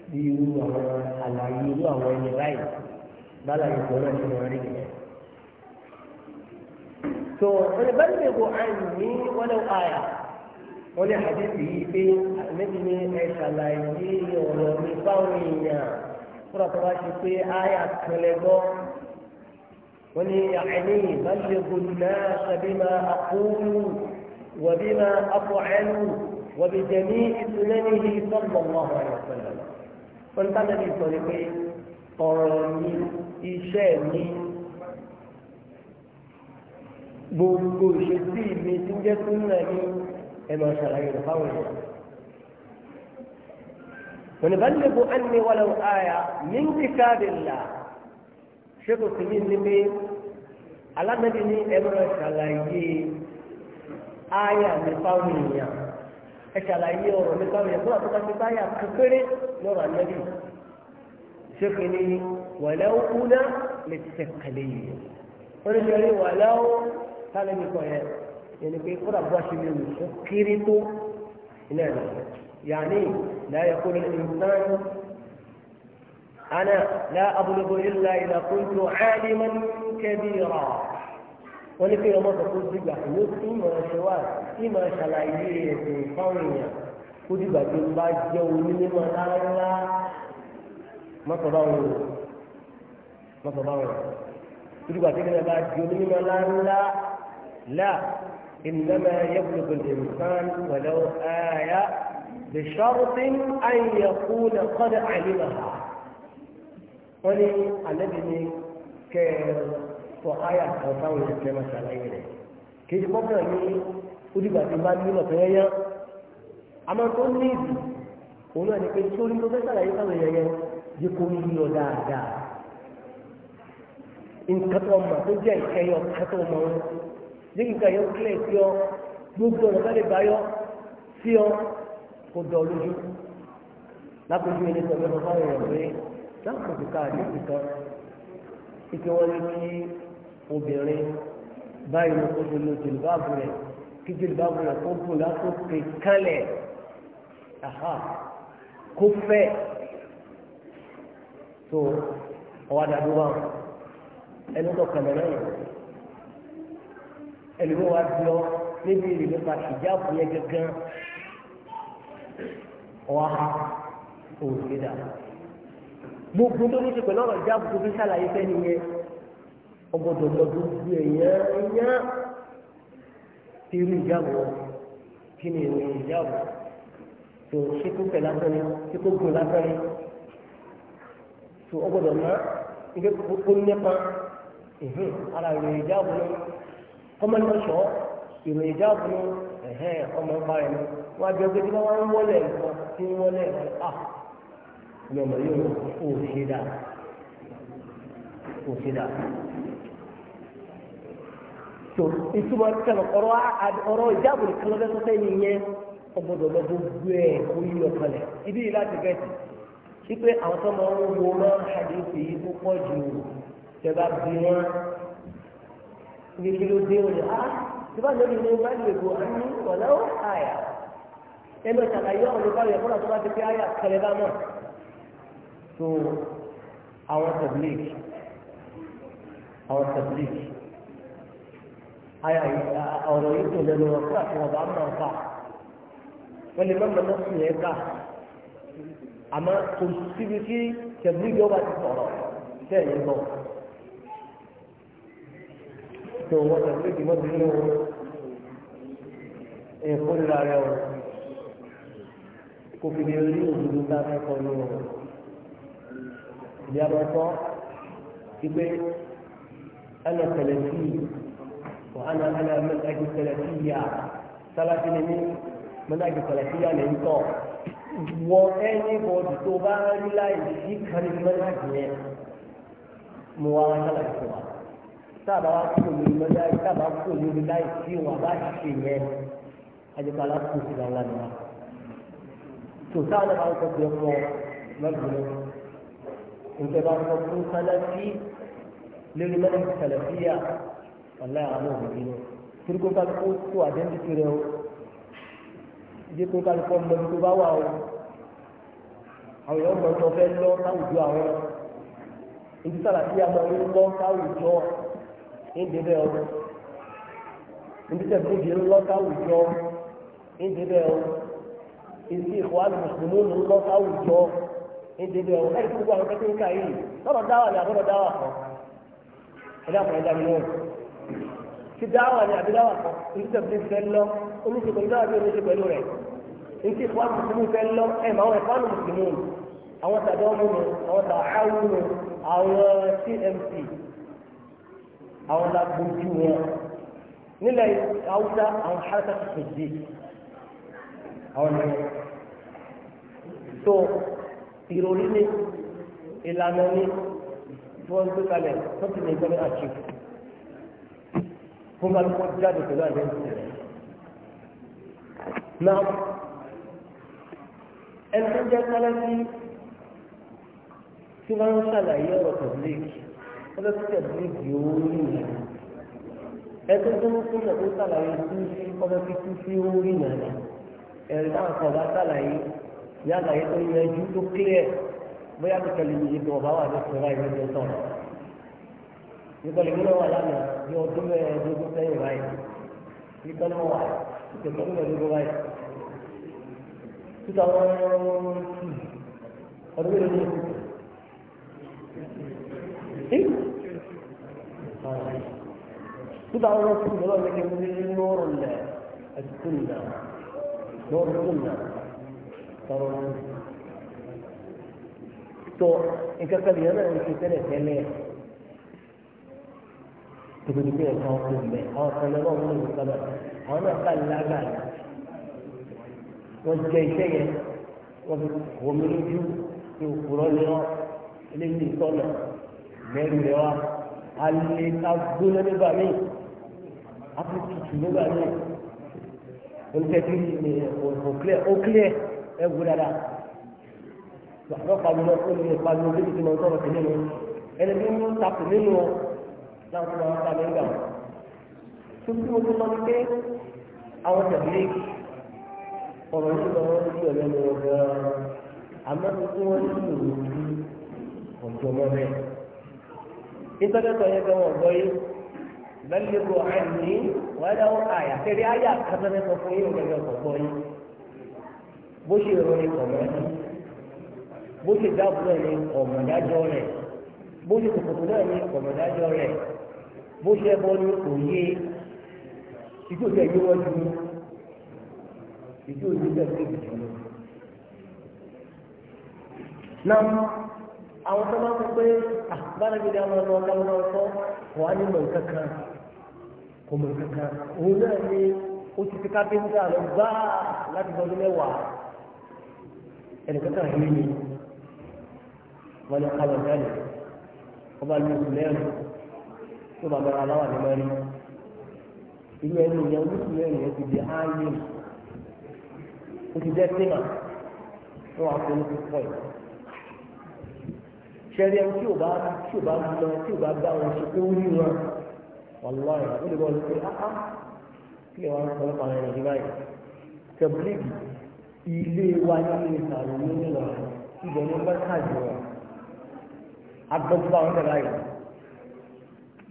bí irú àwọn àlàyé irú àwọn ẹni báyìí bálàyé kò náà ti wọ́n rí nìyẹn. tó ẹni bá nílé kó àyìn ní wọ́n lẹ́wọ́ àyà wọ́n lé àdéhùn yìí pé níbi ni ẹ ṣàlàyé ọ̀rọ̀ mi báwọn èèyàn kúrò tó bá ṣe pé àyà kan lẹ́gbọ́n. ولي يعني بلغ الناس بما أقول وبما أفعل وبجميع سننه صلى الله عليه وسلم فانتم في طريقي الله عليه وسلم قرني إشاني gbogbo ìṣesí mi ti ń jẹ́ súnà ní ونبلغ أني ولو آية من كتاب الله ṣéèkù sí ní ní pé alámẹ́bí ní ẹgbẹ́rún ṣàlàyé áyà nípa ènìyàn ẹ ṣàlàyé ọ̀rọ̀ nípa ènìyàn tó wà tó bá ti báyà kékeré lọ́rọ̀ àmẹ́bí ṣéèkù ní wàlẹ́ òkúná lè ti tẹ̀ kàlẹ́ yìí wọ́n ní sọ́rí wàlẹ́ ó sálẹ̀ mi yẹn yẹn pé kódà bó ṣe lè wù kéré tó ilé rẹ̀ yàní láyé kó lè ní أنا لا أبلغ إلا إذا كنت عالما كبيرا ولكن يوم تقول ديجا حيوت إما شوال إما شلعيه قوية وديجا جنبا جو من لا لا ما تضعون ما تضعوني وديجا جنبا جو من لا لا لا إنما يبلغ الإنسان ولو آية بشرط أن يكون قد علمها wọ́n ní àlẹ́bí ni kẹ́ ẹ fọ àyà kan táwọn èèyàn fẹ́ máa ṣàlàyé rẹ̀ kì í ṣe pọ́pọ́n ní onígbà tí bá nílò tó yẹn yá àmọ́ tó ní ìdì òun náà ni pé sórí tó fẹ́ ṣàlàyé táwọn èèyàn yẹn yẹ kó yí lọ dáadáa nǹkan tó mọ̀ tó jẹ́ ìkẹyọ nǹkan tó mọ̀ wọn yẹ kí nǹkan yẹn kílẹ̀ sí ọ gbogbo ọ̀nà tó lè bá yọ sí ọ kó dọ̀ lójú lápò láǹkà ti ká àdéhùn kan kíkẹ́ wọ́n ní kí obìnrin báyìí ló kó lo jìlbáàbù rẹ̀ kí jìlbáàbù rẹ̀ kó bù látòkè kálẹ̀ kó fẹ́ tó ọwọ́ àdàdo wa ẹnu tó kàmẹ́ náà ẹlòmí wa di ọ níbi ìrìn nípa ìjáàbù yẹn gángan ọwọ́ ha òwò gbé dà gbogbo tó ní ti pẹ̀lú ọ̀rọ̀ ìjà àbùkù fi ṣàlàyé fẹ́ni yẹn ọgbọ́dọ̀ lọ́dún ju ẹ̀yán ẹ̀yán irú ìjáàbù kí ni ìròyìn ìjáàbù tó ṣekú pẹ̀ lásán ni ṣekú gùn lásán ni tó ọgbọ́dọ̀ má ibi kókó nípa ara ìròyìn ìjáàbù ni kọ́mọ́nìmọ̀ṣọ́ ìròyìn ìjáàbù ni ọmọ ìpa rẹ̀ ni wọ́n á jẹ́ pé tí wọ́n wá ń wọlé ẹ̀kọ́ lọ́mọ yóò ó ṣe dà tó ìtumọ̀ kẹlẹ̀ ọ̀rọ̀ ọ̀rọ̀ ìjáàbùrù kẹlẹ̀ bẹ́ẹ̀ sọ́sẹ́ yìí yẹn ọgbọ́dọ̀ lọ gbogbo ẹ̀ kó yí ọ̀kalẹ̀ ibi yìí láti gẹ̀ẹ́sì sí pé àwọn tó máa ń wo máa ń hadithi yìí tó pọ̀ jù tẹ̀bá bí wọ́n ní kí ló dé òní á tẹ̀bá lórí ní bá lè bò á ọ̀lẹ́wọ̀ àyà ẹ̀ lọ ṣàlàyé ọ̀rọ̀ bá yẹ fún àtúbà ti pé àyà kẹlẹ̀ bá náà so àwọn tablik àwọn tablik aya ọ̀rọ̀ yìí tó lẹ́nu wọn fún àfihàn ọba àmọ́ ọ̀fà wọ́n lè mọ́mọ́ náà sùn yẹn ká àmọ́ kò síbi kí tablik yóò bá ti sọ̀rọ̀ bẹ́ẹ̀ ni bọ̀ tó wọ́n tablik mọ́ bí nínú ẹ̀kọ́ nínú ara wọn kò fi lè rí òdodo tá fẹ́ kọ́ nínú wọn ìdí abọ́tọ́ wípé ana sẹlẹ̀tì wà ana ana mẹ́tàkì sẹlẹ̀tì yá sálàtì ni mí mẹ́tàkì sẹlẹ̀tì yá lè ń tọ̀ wọ ẹni bọ́ọ̀dù tó bá rí láì sí kárí mẹ́tàkì yẹn mo wá sálàtì tó wà sábà wá kúrò ní mẹ́tàkì sábà kúrò ní láì sí wà bá ṣe yẹn ajẹ́pẹ́ alákòóso ìlànà wa tòtáàlà àwọn ọkọ̀ tó yẹ kọ́ mẹ́tàkì yẹn nǹkan bá sọ fún sálẹ́sì lórí mẹ́rin sàlẹ́sìyà ọ̀la àwọn òbí ni torí kó kálukú tó àdéhùn rẹ o ìdí kó kálukú ọmọ ibi tó bá wà o àwọn èèyàn mọ̀ tó fẹ́ lọ láwùjọ àwọn ibi sàlẹ́sìyà máa ń lọ láwùjọ ìdí bẹ́ẹ̀ o ibi tẹ̀síbi ń lọ láwùjọ ìdí bẹ́ẹ̀ o ìdí ìkọ́ àlùmọ̀sùlùmí ń lọ láwùjọ èdè bẹ́ẹ̀ o ẹni tó gbogbo àwọn kẹ́kẹ́ níta yìí lọ́dọ̀ dáwà ni àbọ̀dọ̀ dáwà kan ẹ̀dá àkùnrin dá mi lọ́wọ́ ti dáwà ni àbí dáwà kan oníṣẹ́ bí fẹ́ lọ oníṣẹ́ pẹ̀lú dáwà bí oníṣẹ́ pẹ̀lú rẹ̀ nítí ìfọ́ àmùsùlùmí fẹ́ lọ ẹ̀ máa wọ̀ ẹ̀fọ́ àmùsùlùmí àwọn tàbí ọmọ mi àwọn tàbí àwọn mi àwọn tmc àwọn làgbójú wọn nílẹ̀ haúsá àwọn haraka tuntun dé àwọn nìyẹn so ìròrí ni ìlànà ni tí wọ́n ń gbé kalẹ̀ tó ti lè gbọ́dọ̀ àti fún bá lóko jáde pẹ̀lú àjẹ́ ìṣẹ̀lẹ̀. Náà ẹni tó jẹ́ kálẹ́sí tí wọ́n ń ṣàlàyé ọ̀rọ̀ tẹ̀léèkì ọlọ́ tí tẹ̀léèkì owó rí nà ẹni tó jẹ́ kó tó ṣàlàyé tí ọlọ́ tí tí owó rí nà ẹ̀rí táwọn kan bá ṣàlàyé yálà yìí tó yanjú tó clear bóyá kìkàlì yìí tó ọba wà ní ìṣòro àìní tó tọ̀ ìkọlì gbọ́dọ̀ wà lánàá ní ọdún mẹ́ẹ̀ẹ́dógún sẹ́yìn báyìí ìkọlì wọn wà ìkọlì mẹ́ẹ̀ẹ́dógún báyìí two thousand ọdún mẹ́rin ní two thousand two lọ́wọ́ ní kí n ní lóòrùn lẹ̀ ẹ̀sìn tọrọ fún tó nǹkan kan lèyàn náà ń ṣe tẹ́lẹ̀ tẹ́lẹ̀ tòbí pé ẹ̀ka ọkọ mẹ́ àwọn kan náà wọ́n mú sábà àwọn náà ká lága wọ́n jẹ iṣẹ́ yẹn wọ́n fi wọ́n mi lójú ní òkúrọ́ ni wọ́n eléyìí sọ̀nà mẹ́rin rẹ̀ wá alẹ́ ká gbóná nígbà míì á fi tutù nígbà míì oníkẹ́kẹ́ ní ọ̀kílẹ̀ ó kílẹ̀ ẹ wù dáadáa lọ́pọ̀ pariwo ó lè pariwo bí kìtìmọ̀ ń sọ̀rọ̀ sí nínú ẹni bí ń tapò nínú ọ láwọn tó máa ń ta nígbà wọn. tó tí mo tún lọ sí pé àwọn tẹ̀lé ọ̀rọ̀ yìí lọ́wọ́ sí ọ̀rẹ́ mi wọ gan-an àmọ́ tí wọ́n ní ìlú ọ̀jọ̀ mọ́ rẹ̀. ìtọ́jọ́tọ̀ yẹn gan wọ́n gbọ́ yìí lẹ́lẹ́gbọ̀ àìní wọ́n dáwọ́ àyà kẹ́rẹ́ àyà kátàmẹ́sọ fún yìí ò bó ṣe rọrin kọ̀mọ́ ní bó ṣe dáàbò náà ní kọ̀mọ̀dájọ́ rẹ̀ bó ṣe kòkòtò náà ní kọ̀mọ̀dájọ́ rẹ̀ bó ṣe bọ́ ní òye ìjọ tẹ̀ yé wọ́n ju ìjọ òye tẹ̀ lé jù lọ. Nam àwọn tó bá ń pẹ́ àbárẹ́bí dáhùn ọ̀nà ọ̀gá ọ̀nà ọ̀tọ́ kò á nílò kankan kò mọ̀ kankan òun náà ni ó ti kápẹ́ńtà lọ gbáà láti bọ́dún mẹ́wàá ẹnìkan kan yìí ni wọn ní kábọ jáde wọn bá lu oṣù lẹ́rù tó bá bẹ̀rẹ̀ aláwà ní mẹ́rin ìlú ẹni ìyẹn oṣù lẹ́rù yẹn ti di áyé o ti jẹ́ sínà tó wà fún oṣù pọ̀ yìí sẹ́rí ẹni tí ò bá tí ò bá lọ tí ò bá bá wọn ṣe pé ó rí wọn wàlúwàyà ó lè bọ́ ọ lọ pé áá ah, ah, kí lè wá ń sọ nípa ẹ̀rọ ìdíbáyìí tẹ̀bílíìgì ilé wa ní ìsàlù ní ìlọ ibẹ̀ ní mẹ́tàdì rẹ̀ agbọ́gbọ́ àwọn ọ̀dọ́ láyé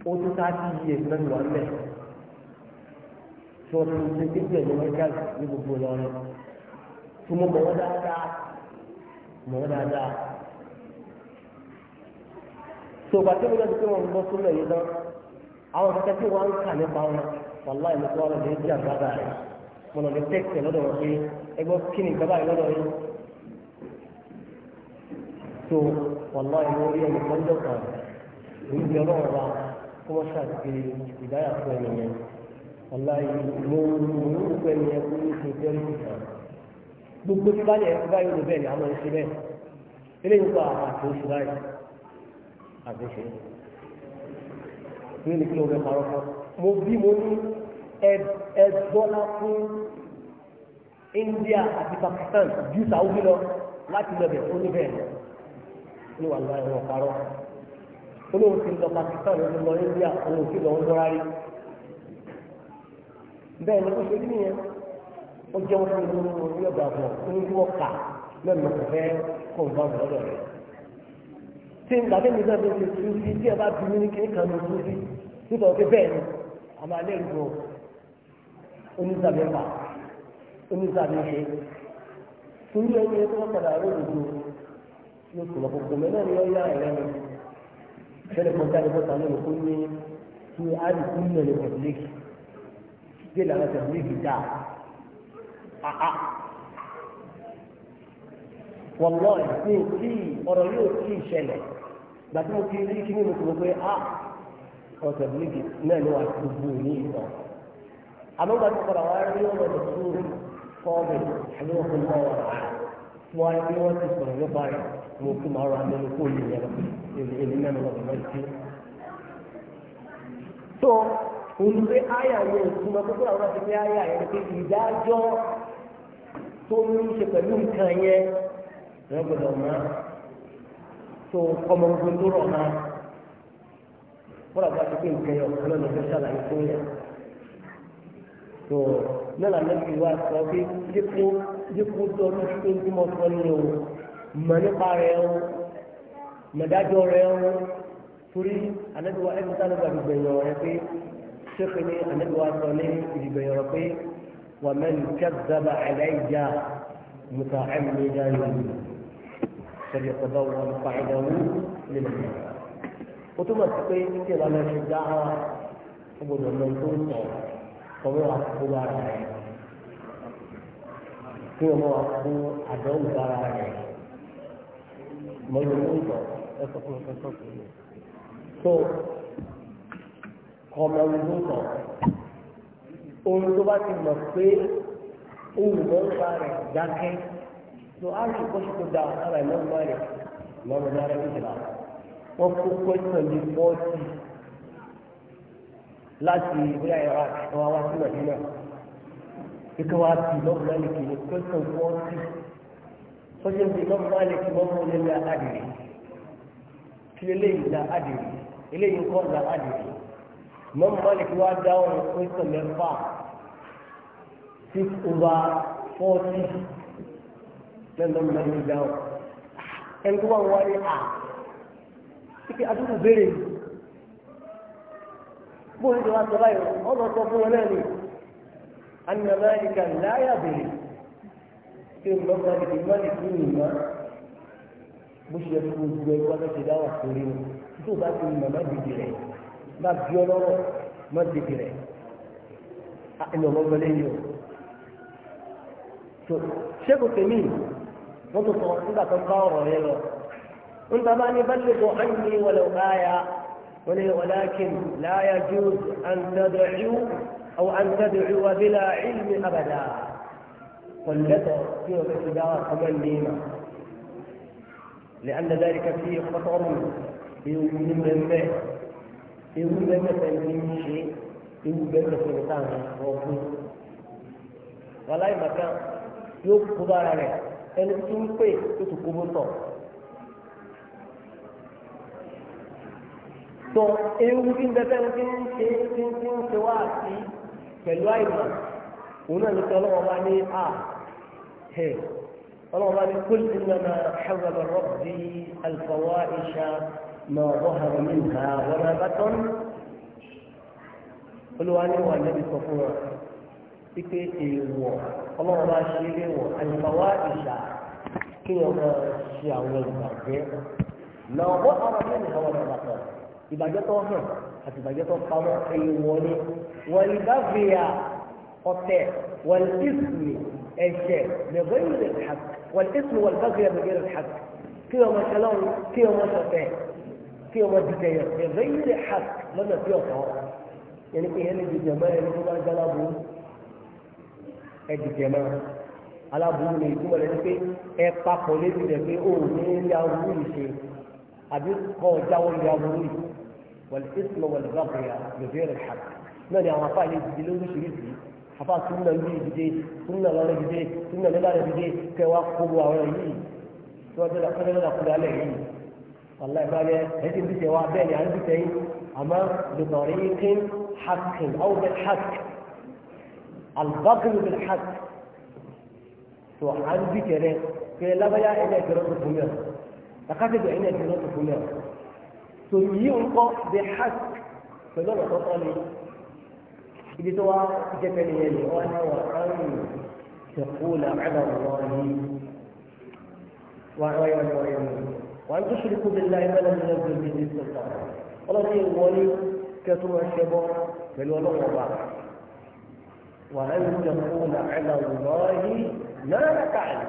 ó tún ká sí iye mẹ́rin wà mẹ́ tí wọ́n ti ṣe kékeré ní mẹ́tàdì ní gbogbo lọ́rọ́ tí mo mọ̀ wọ́n dáadáa mọ̀ wọ́n dáadáa tó gbàtí mo lọ́dún pé wọ́n ń bọ́ sílẹ̀ yìí àwọn kẹkẹ tí wọ́n ń kà nípa wọn wàláì mo tọ́ ọ lọ́dún yìí jẹ́ àgbàdà rẹ̀ mo lọ́dún tẹ́kẹ̀ lọ́dọ̀ wọn ẹ gbọ́ kí ni ìjọba ìlọ́dọ̀ yìí tó wàlá ìwọ orí ẹni kan dọ̀kan èyí bí ọlọ́run wa kó wọ́n ṣàtìpé ìdáyà fún ẹni yẹn wàlá ìwọ orí fún ẹni yẹn kó ní ṣe tẹ́lẹ̀ nìkan gbogbo tí báyìí ẹni báyìí ló bẹ́ẹ̀ ni àwọn ẹni ṣe bẹ́ẹ̀ eléyìí kọ́ àti oṣù báyìí àti ṣe ní ní kí ló bẹ parọ́ fún mo bí mo ní ẹ̀ẹ́dọ́lá fún. India àti Pakistan ju Saudi lọ láti lọ bẹ̀ fún níbẹ̀ ní wà lọ ẹ̀wọ̀n parọ́ olóhùn ti lọ Pakistan ló ti lọ India olóhùn ti lọ ńlọra rí bẹ́ẹ̀ ni ó ṣe ní yẹn ó jẹun fún mi ní orí ọ̀gá àbọ̀ ó ní kí wọ́n kà lẹ́nu kò fẹ́ kó n bá wọn lọ́dọ̀ rẹ̀ tí n bàbá mi náà ló ti tún sí tí ẹ bá bí mi ní kí n kàn ló tún sí nítorí pé bẹ́ẹ̀ ni àmọ́ alẹ́ ìgbò oníṣàmì ṣe torí ẹni ẹni wọn padà rẹ òdodo yóò sùn ọkọọkọ mẹ́rin ni wọn yá ẹrẹ mi fẹlẹ kọjá ní bọta lónìí kó ní kí ádì kú ní ẹni tẹbílẹkì dé làwọn tẹbílẹkì dá àá wọlọ ẹsẹ tí ọ̀rọ̀ yóò tí ì ṣẹlẹ̀ gbàtí mo ti rí kí nínú tó gbé a ọ̀rọ̀ tẹbílẹkì náà ni wàá tó bú ní ìtàn àmọ́ gbàtí mo padà wá rí ọ̀rọ̀ tó tó rí kọ́ọ̀bù àlọ́ ọ̀gbọ̀n ọ̀rọ̀ fún wa bí wọ́n ti sọ̀rọ̀ nípa rẹ̀ mo kú máa ra nínú kó lè yẹn èmi mẹ́nu lọ́dọ̀ lọ́dọ̀ sí. tó olùgbé àyà yẹn ìtumọ̀ tó kúrò àwọn àti pé àyà yẹn pé ìdájọ́ tó ní í ṣe pẹ̀lú nǹkan yẹn wọ́n gbọ́dọ̀ mọ́ tó ọmọ ogun tó rọ̀ mọ́ kúrò àwọn àti pé nǹkan yẹn ọ̀kan náà lọ́dọ̀ sàlàyé fún yẹn tó náà lẹ́bi wa sọ pé dípò dípò tó ọdún tó ń túmọ̀ sọ ní o mọ̀ nípa rẹ̀ o rẹ̀ pé ṣéèkì ni ànábi sọ ní ìgbẹ̀yìn ọ̀rẹ́ pé wà mẹ́rin kẹ́gbẹ́bà ẹ̀lẹ́yà mùtà ẹ̀mí dáyọ̀ sọ̀rọ̀ ìkọ̀dọ̀ wọn fàìdáwó nínú ìgbà. ó túmọ̀ sí pé tí ìlànà ìṣèjá wa ó gbọdọ̀ lọ tó ń sọ ọmọ wa kó bára rẹ̀ kí ọmọ wa kó àdánwò bára rẹ̀ mọ̀lẹ́ mọ̀ ń bọ̀ ẹ sọ fún ẹ sọ fún mi. tó kọ́ ọmọ ìlú kan ohun tó bá ti mọ̀ pé olùkọ́ ń bá rẹ̀ dákẹ́ tó á rí ìkọ́ṣe tó dáa ara ìlọ́gbọ́n rẹ̀ lọ́rùn náírà ìjìlá wọ́n kó pẹ́sàn ní fọ́ọ̀tì láti ìwé àyàrá àwọn àwọn àti nàìjíríà kíkọ́ wa ti lọ́mù máàlìkì ní pẹ́sàn fọ́ọ̀tì sọ́jọ́ ti lọ́mù máàlìkì mọ́mú nílẹ̀ àdìrí kí eléyìí la àdìrí eléyìí kọ́ la àdìrí mọ́mú máàlìkì wa dáhùn pẹ́sàn mẹ́fà six over forty lẹ́nu mọ́mú máàlìkì dáhùn ẹni tó wà wọ́n wá à ah! kíkẹ́ adúgbò béèrè yìí bó ní ìjọba sọlá yìí ọ lọ sọ fún wọn náà ni anamálíkà láyà bèrè ṣé ń lọ́gbà lè má lè fún yìí má bó ṣe yẹ kó gbogbo ẹgbẹ́ bá ṣe dáwà sórí o tó bá ti mọ̀ má dìde rẹ̀ bá bí ọ lọ́rọ̀ má dìde rẹ̀ ẹni ọlọ́gbà lẹ́yìn o tó ṣé kò wọ́n tó sọ nígbà tó bá ọ̀rọ̀ yẹn lọ ń tàbá ní bá lè bọ̀ ánìyí wọlé ọ̀gá yá. ولكن لا يجوز أن تدعو أو أن تدعو بلا علم أبدا لك في الابتداء ومن دينا لأن ذلك فيه خطر في يؤمن به يؤمن به شيء يؤمن به مثلا ولا مكان يقبل عليه ẹni tí ń pè tó ti kó bó tọ̀ tó ewu tí ń bẹ fẹ́ni tí ń ṣe tí ń tí ń ṣe wá sí pẹ̀lú àìmọ̀ òun náà ló sọ ọlọ́wọ́ bá ní à ẹ̀ ọlọ́wọ́ bá ní kúlù tí ń bẹ حرم ربي الفواحش ما ظهر منها وما بطن olùwà ní wà níbi sọ fún wa pípé èèwọ̀ ọlọ́run bá ṣe é léwọ̀ àyùbáwá ìṣà kí wọ́n máa ṣe àwọn ìgbàgbé náà wọ́n ara mẹ́rin àwọn ìgbàgbọ́ ìbàjẹ́ tó hàn àti ìbàjẹ́ tó pamọ́ ẹ̀yìn wọlé wọlé bá fi à ọ̀tẹ̀ wọlé ìsìnì ẹ̀ṣẹ̀ lẹ́gbẹ́ ìrẹ̀ hàk wọlé ìsìnì wọlé bá fi à lẹ́gbẹ́ ìrẹ̀ hàk kí ọmọ ṣẹlẹ̀ kí ọmọ ṣọ̀tẹ̀ kí ọmọ dìtẹ̀ yẹn lẹ́gbẹ́ ìrẹ̀ hàk lọ́nà tí ọ̀tọ̀ yẹn ni pé yẹn ní dìtẹ̀ mọ́ ẹni tó bá ń jálábù ẹ dìtẹ̀ mọ́ aláburú ni ìtumọ̀ lẹ́nu pé ẹ papọ̀ lébi rẹ̀ pé ó ní ilé aburú yìí ṣe àbí kọ́ ọ̀jáwọ́ ilé aburú yìí والإثم والرضي بغير الحق من يعني عطاء يجدلو مش يجدي حفاظ كنا لي يجدي كنا لا يجدي كنا لا يجدي كواقب وعلي سواء لا قدر لا قدر عليه والله ما لي هذه بيتي وعدين يعني بيتي أما بطريق حق أو بالحق البغي بالحق سواء عن بيتي كي يعني لا بيا إلى جرد الفمير لقد بيا إلى جرد الفمير ثم يلقى بحق فلو تطالي بدوا جبلي وانا وقال تقول على الله وعلي وعلي وان تشركوا بالله ما لم ينزل به سلطان ولكن الولي كتب الشباب بل ولو وان تقول على الله ما لا تعلم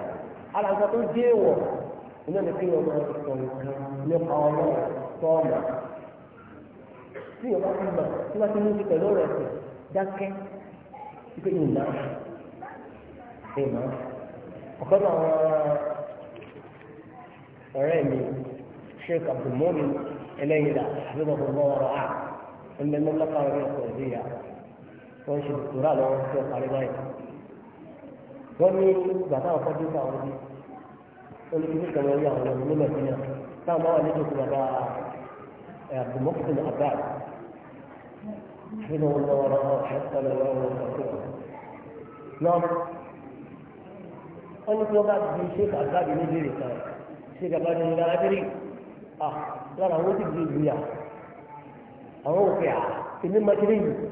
على ان تقول جيوا هنا نقول الله سبحانه وتعالى sọ́ọ̀mà tí yóò bá ti mọ̀ tí wọ́n ti mú ti pẹ̀lú ọ̀rọ̀ ẹ̀sìn dákẹ́ ìpè ìmọ̀ ìmọ̀ ọ̀kan náà ọ̀rẹ́ mi sheikh abdulmumin ẹlẹ́yìnlá àbíbọ̀bọ̀ ọ̀rọ̀ à ẹ̀mẹ́ mọ́lákà ọ̀rẹ́ ọ̀sẹ̀ ìdíyà wọ́n ṣe dùkúrà lọ́wọ́ sí ọ̀parí báyìí wọ́n ní bàtà ọ̀kọ́ dé sáwọn ọdún olùkíní kan lọ́wọ́ àwọn ọmọ nílẹ̀ sí náà táwọn bá wà nídìí òkú bàbá مقتل الأبعاد حين الله حتى لو أنه نعم أنا في بعض الشيخ أبعاد نجري الشيخ أبعاد لا أدري أه لا لا هو تجري بيا أوقع في مما تريد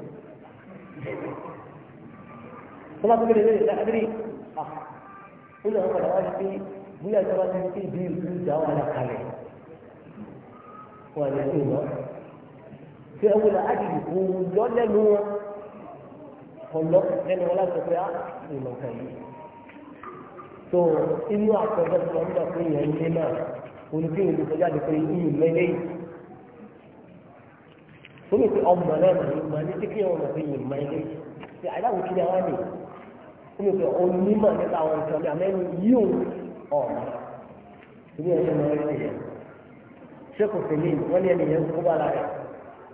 ثم تقول لي لا أدري أه قلنا هو الأول في بيا ترى في بيل جوا على قليل wọn àyè sí ìmọ̀ tí ẹ wọlé àdìdì kò yọ lẹ́nu wọn ọlọ lẹ́nu wọn láti sọ pé á ah, ìmọ̀ kan yìí tó inú àpẹẹrẹ tó ń bọ̀ pé ìyẹn ń lé náà olùkíyìn ló sọjá di pé ìyìn mẹ́lẹ́ yìí fún mi pé ọmọ náà nà ní ma ní tí kí wọn nà fi yìn mẹ́lẹ́ àdáwò kí ni àwọn àmì fún mi pé onímọ̀ nípa àwọn ìtọ́jú àmẹ́nu yíyùn ọ̀nà ìdí ẹ̀ṣẹ̀ mọ́ sẹ́kù fèmí wọ́n ní ẹnìyẹn kó bá ara rẹ̀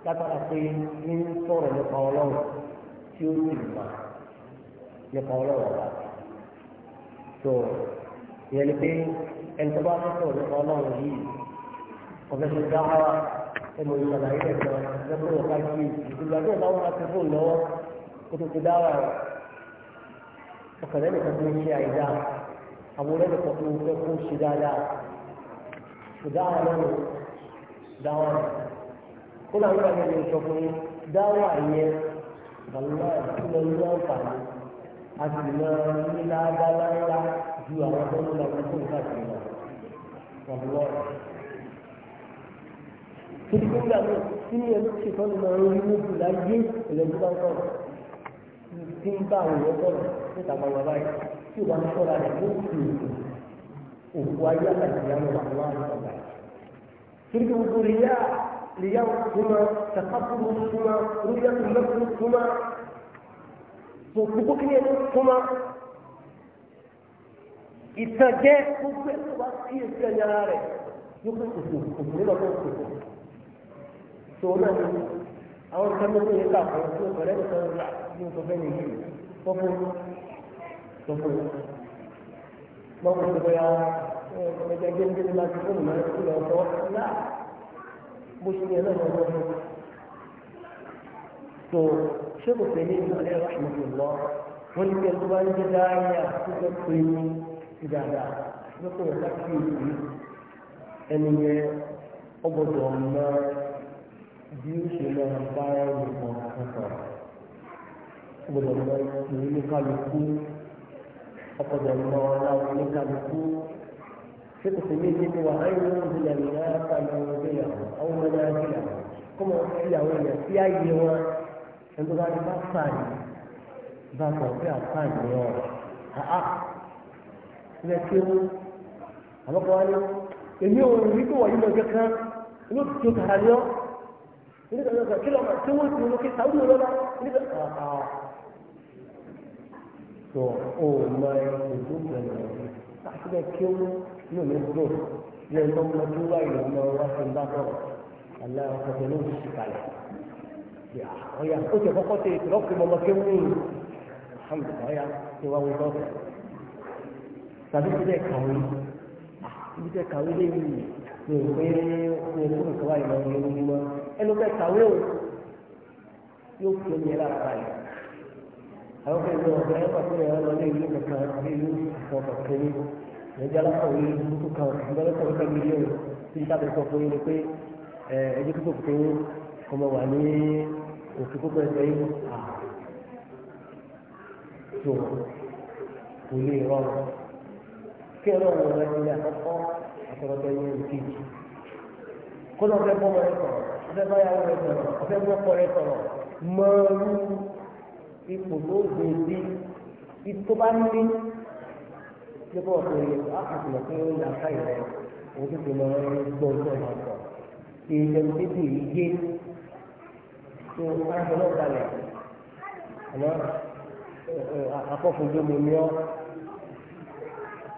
látara pé ń sọ̀rọ̀ nípa ọlọ́run tí ó sì mà nípa ọlọ́run ọ̀la tó ìyẹn ni pé ẹni tó bá fẹ́ sọ̀rọ̀ nípa ọlọ́run yìí ọ̀fẹ́sẹ̀ dáhàrà ẹnu ìṣàlàyé ẹ̀sọ́ lẹ́kọ̀ọ́ ọ̀ká kí ìgbà tí ọ̀la wọn ti fóònù lọ́wọ́ kó tó ti dáhàrà ọ̀kadà nìkan tó ń ṣe àìdá dáwà kó làwọn ìgbà yẹn lè sọ fún yín dáwà yẹn bàlúwà tí mo ní àǹfààní a sì máa ní lágbára ńlá ju àwọn tó ń lọ fún ìgbà tó lọ bàlúwà. Kìdí kí n gbà mí tí mi ò ní ṣètò ní mo rí níbi láyé ìlẹ́jú bá ń sọ̀rọ̀ tí ń bá àwọn èèyàn sọ̀rọ̀ níta gbangba báyìí tí ìwà ń sọ̀rọ̀ rẹ̀ ló ń fi òkú ayé àtàkùn ìyá mi wà láàrin ọ̀gá yìí. تلك الرياء رياءهما تقبلهما رؤية نفسهما صدقهما ìtànjẹ gbogbo ẹgbẹ wa kí ẹsẹ yàrá rẹ yóò fún kòtò kòtò nínú ọdún kòtò tó náà ní àwọn ìtànjẹ tó yẹ ká fún ọ tí o bẹ̀rẹ̀ nìkan ẹ̀ẹ́dẹ̀gbẹ̀ gẹ́gẹ́ láti fún ìmọ̀ ìlọ ọ̀tọ̀ náà bó ṣe yẹ lọ́wọ́ lọ́wọ́ tó ṣé kò fẹ́ ní ìmọ̀ ẹ̀rọ àmọ̀tòlọ́ wọ́n ní ẹ̀rọ bá ń jẹ́ dáhìá tó fẹ́ pé ní ìdàdà tó fẹ́ wọ́n láti fi ìlú ẹni yẹn ọgbọ̀dọ̀ mọ́ bí ó ṣe lọ bá ẹ̀rọ kan sọ̀rọ̀ ọgbọ̀dọ̀ mọ́ ìlú kálukú ọgbọ̀dọ̀ mọ́ ọlá شيخ سميتي وأن ينزل الناس منزلهم أو منازلهم كما أحيى وين في أي يوم عند ذلك الثاني ذاك في الثاني يوم ها لكن أنا قال إني أريد وإن ذكر نكتب هذا كلا ما سويت من كي سوي ولا لا تو او ما يكتب لنا تحت كيلو inú mi dùn ní ẹni tó ń lọ tó wá ìlú ọmọ wa fi ń bá sọ̀rọ̀ àlẹ́ ọkọ̀ ló ń sì kalẹ̀ ọ̀yà ó ti kọ́kọ́ tẹ ìtìlọ́kì mọ́mọ́ kéwú ní alhamdulilayi ọ̀yà tó wá wọ́n lọ́sẹ̀ tàbí ti dẹ́ kàwé ibi tẹ́ kàwé lé yìí ní ìwé ní ìlú nǹkan wáyé lọ́wọ́ ní ìlú mọ́ ẹnu tẹ́ kàwé o yóò fi omi ẹ̀rọ àpá yìí àwọn kẹ́kẹ́ ọ̀gá ẹ̀fọ́ tó yẹ ọ́ lọ ní ìlú kankan ní ìlú kankan kéwú ẹjẹ alákọ̀wé burúkú kan ẹjẹ alákọ̀wé kan mílíọ̀nù tí ní sábẹ́ sọ fún yín ni pé ẹjẹ kíkó kò tó ọmọ wà ní òkè púpọ̀ ẹsẹ̀ yín à tó kò lè rọrùn kí ẹ lọ́rùn rẹ ní àkọ́kọ́ àtọ̀rọ̀tọ̀ yín ní kejì kó lọ́ọ́ fẹ́ bọ́ ọmọ rẹ sọ̀rọ̀ ọfẹ́ báyàwó rẹ sọ̀rọ̀ ọfẹ́ bọ́kọ rẹ sọ̀rọ̀ mọ́ọ́rú ipò tó gbèdé lọ́pọ̀ ọ̀pọ̀ ilé àkàtúntò fún oúnjẹ àkáyè rẹ̀ òun tó ti lọ gbọ́ ọjọ́ máa sọ. èèyàn tètè yé tó aṣọ náà balẹ̀ àmọ́ akọ́fọ̀jọ́ mi ni ọ́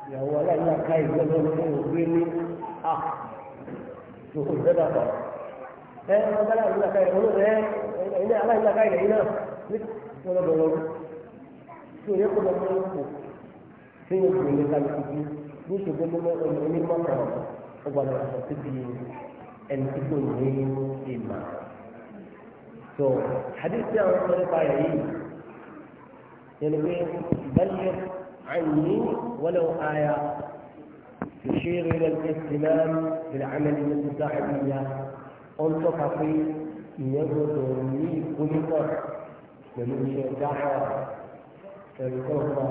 ìyàwó aláìní àkáyè lọ́dọ̀ ní òun gbé ní à tó kò fẹ́ dàpọ̀. ẹ ọmọ bá aláìní àkáyè rẹ̀ olóòrè aláìní àkáyè yìí náà ní ọlọ́dọọlọ́rù tó yẹ kó lọ́dọ̀ tí yóò fi ní kálukú bí ní ìṣègbè mímọ́ onímọ̀ kan ó gbọ́dọ̀ sọ síbi ẹni tí kò ní ìmọ̀. tó hadith àwọn ọmọ nípa rẹ̀ yìí yẹnu pé ìbálẹ̀ àìní wọlé àyà تشير إلى الاهتمام بالعمل المتساعدية أنطق في يغضني كل مرة من الشجاعة كالكرة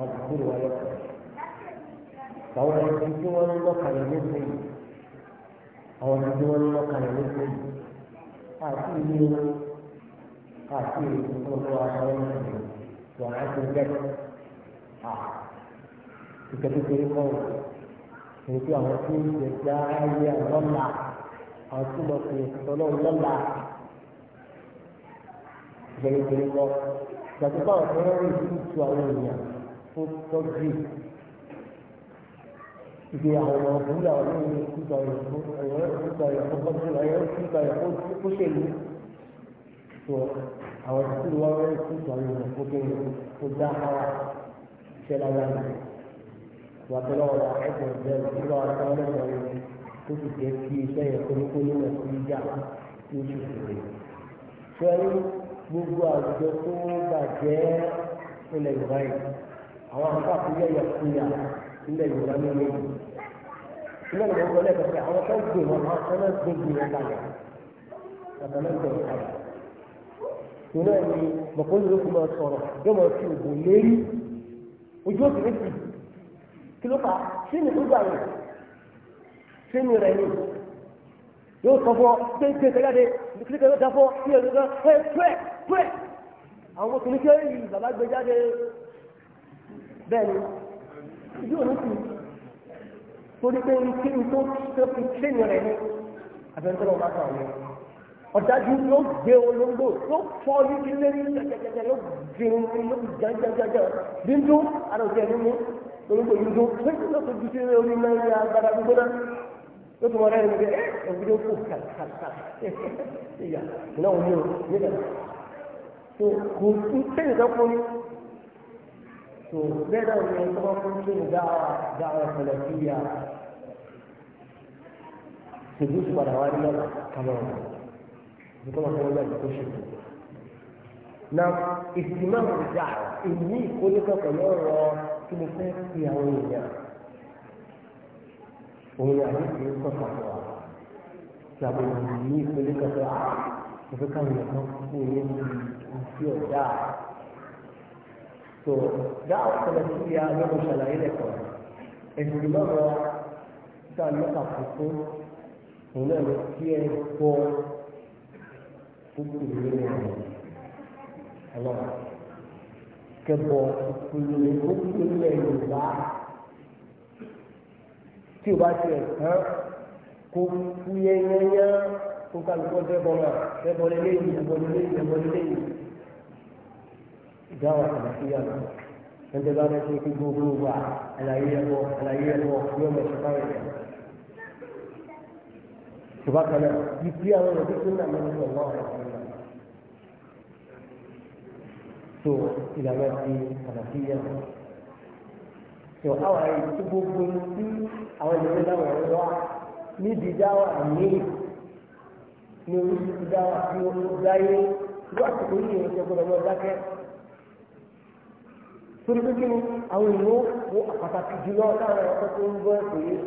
wọn ti kúrò wọn lọ́kàn àwọn ẹni tí wọ́n ń lọ́kàn yẹn yìí àwọn ẹni tí wọ́n ń lọ́kàn yẹn yìí àti ìlú àti ìfowópamọ́ àwọn ẹni tí wọ́n á ti lẹ́kọ̀ọ́ à ìkẹ́kẹ́kẹ́ kọ́ ọ̀ èyí àwọn tí ń ṣe já ayé àlọ́là àwọn tí mo fi ìtọ́lọ́ lọ́là ìkẹ́kẹ́kẹ́ kọ́ ìgbàgbọ́ àwọn tí wọ́n rí ìtú àwọn ènìyàn ó tọ́jú ìgbé àwọn ọmọ ọdún àwọn ọmọ ọdún ìgbà ìyàwó ìgbà ìyàwó ọdún ayọ̀ ìgbà ìyàwó ó ṣèlú tó àwọn ìdílé wa wọ́n ti sọ àwọn ìyàwó tó kéwì ó dá ara ṣe lára rẹ̀ wàtọ́lọ́ wa ẹ̀kọ́ ìjẹ́ ìdílé wa tó wọlé ìyàwó ó jẹ́ kí iṣẹ́ yẹn kóníkóní rẹ̀ kó ní oṣù tó bàjẹ́ ilẹ̀ ìbáyìí àwọn àpá àkúyẹ yẹ kúnyà nílẹ̀ yorùbá ní ọmọ yìí nílẹ̀ yorùbá ń gbọ́dọ̀ pẹ̀lú àwọn tó ń gbé wọn àwọn tó ń gbé gbé wọn kalẹ̀ àtàlẹ́ ń gbé wọn kalẹ̀ tòlẹ́ ni mọ̀kúnlù ló fi máa sọ̀rọ̀ yóò máa fi ògùn lérí ojú òsì ní ti kí ló fà á sí ni tó gbà rẹ̀ sí ni rẹ̀ ni yóò sọ fún ọ pé ń tẹ̀sẹ̀ jáde kíkẹ́ ló dá fún ọ sí ẹ̀rọ náà pẹ́ pẹ́ pẹ́ àwọn kìnnìkẹ́ yìí bàbá gbé jáde bẹ́ẹ̀ni ìdí òní kù torí pé ike tó tó fi tírénì rẹ̀ ní abẹ́ntọ́lọ́ máa kàn wọ́n ọ̀dájú ló gbé olóńgbò ló fọ́ yíyí lérí jẹjẹjẹjẹ ló gbé omi ló jẹjẹjẹjẹ dídú àròjẹ nínú olóńgbò yìí dún pé ló tó ju sí omi náà ní agbada gbígbóná ló tó wọn rẹ̀ níbi ẹ̀ ẹ̀wí ló kù kàkàkà [laughs] ìyá náà wọ́n mú un tó bẹ́ẹ̀ náà ni ẹni tó bá fún kí n dáwà dáwà ìfọlọ́síyà tòjú sí padà wá nílẹ̀ kàmọ́ràn ní kọ́mọ̀ fún ọlọ́ọ̀dì tó ṣe tó. na ìsìnmọ́ ìjà èyí oníkan pẹ̀lú ọ̀rọ̀ kí mo fẹ́ fi àwọn èèyàn òun ni àdéhùn ń so dáhùn sẹlẹsíyà lọ́dọ̀ ṣàlàyé lẹ́kọ̀ọ́ ẹ̀sìn lọ́rọ̀ tá a lọ́kà fún òun náà ló kí ẹ gbọ́ fúnkù nínú ọ̀rọ̀ ọlọ́run kẹbọ ìpínlẹ̀ ìpínlẹ̀ yorùbá tí o bá tiẹ̀ tán kó fúyẹ́yẹ́yẹ́ kó kálukọ́ dẹ́bọ̀ náà dẹ́bọ̀ lélẹ́yìn dẹ́bọ̀ lélẹ́yìn dẹ́bọ̀ lélẹ́yìn dáwà àlàáfíà lọ ẹgbẹ́ bá rẹ̀ ṣe kí gbogbo wa àlàyé ẹ̀rọ àlàyé ẹ̀rọ yóò mọ̀ ṣùgbọ́n rẹ̀ ṣùgbọ́n kan náà ìpí àwọn ọ̀rọ̀ tuntun náà mọ̀ nínú ọ̀wọ́ ọ̀rọ̀ kan náà tó ìlànà ti àlàáfíà tó àwọn àyè tó gbogbo tí àwọn ìlú náà wọ̀ wá níbi dáwà àmì ní oríṣiríṣi dáwà tí ó ń dáyé lọ́sọ̀kọ̀ yìí ìrìnsẹ̀ gbọ́dọ̀ lọ́ọ́ dákẹ́ torí pé kí ni àwọn ìlú wo pàtàkì jùlọ láàrin ọkọ tó ń gbọ́ ẹ̀kọ́ yìí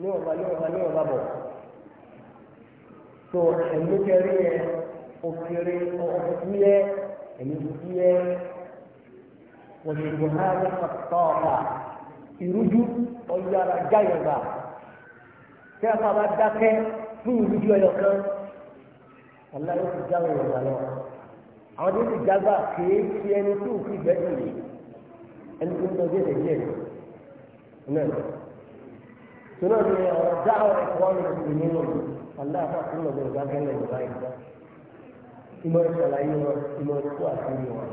ní ọ̀gá ní ọ̀gá ní ọ̀gá bọ̀. tó ẹ̀mí kẹrí ẹ òkèrè ọ̀gá tí yẹ ẹ̀mí tí yẹ wọ́n ti gbọ́ náà ní pàtàkì ìrújú ọjọ́ ara jáyọ̀gbà tí a máa bá dákẹ́ fún ìrújú ẹyọ kan ọ̀la yóò ti jáwé ọ̀gá lọ àwọn tó ti jágbà kéé fi ẹni tó fi gbẹ́dùn yìí ẹni tó ń lọ díẹ̀ díẹ̀ náà tòun náà ni ọ̀rọ̀ dáhùn ẹ̀kọ́ ọ̀rọ̀ nínú aláàfà tó ń lọ bẹ̀rẹ̀ bá gẹ́lẹ̀ ìgbà ìgbà ìmọ̀ ìṣàlàyé wọn ìmọ̀ ìkó àtúnyẹ wọn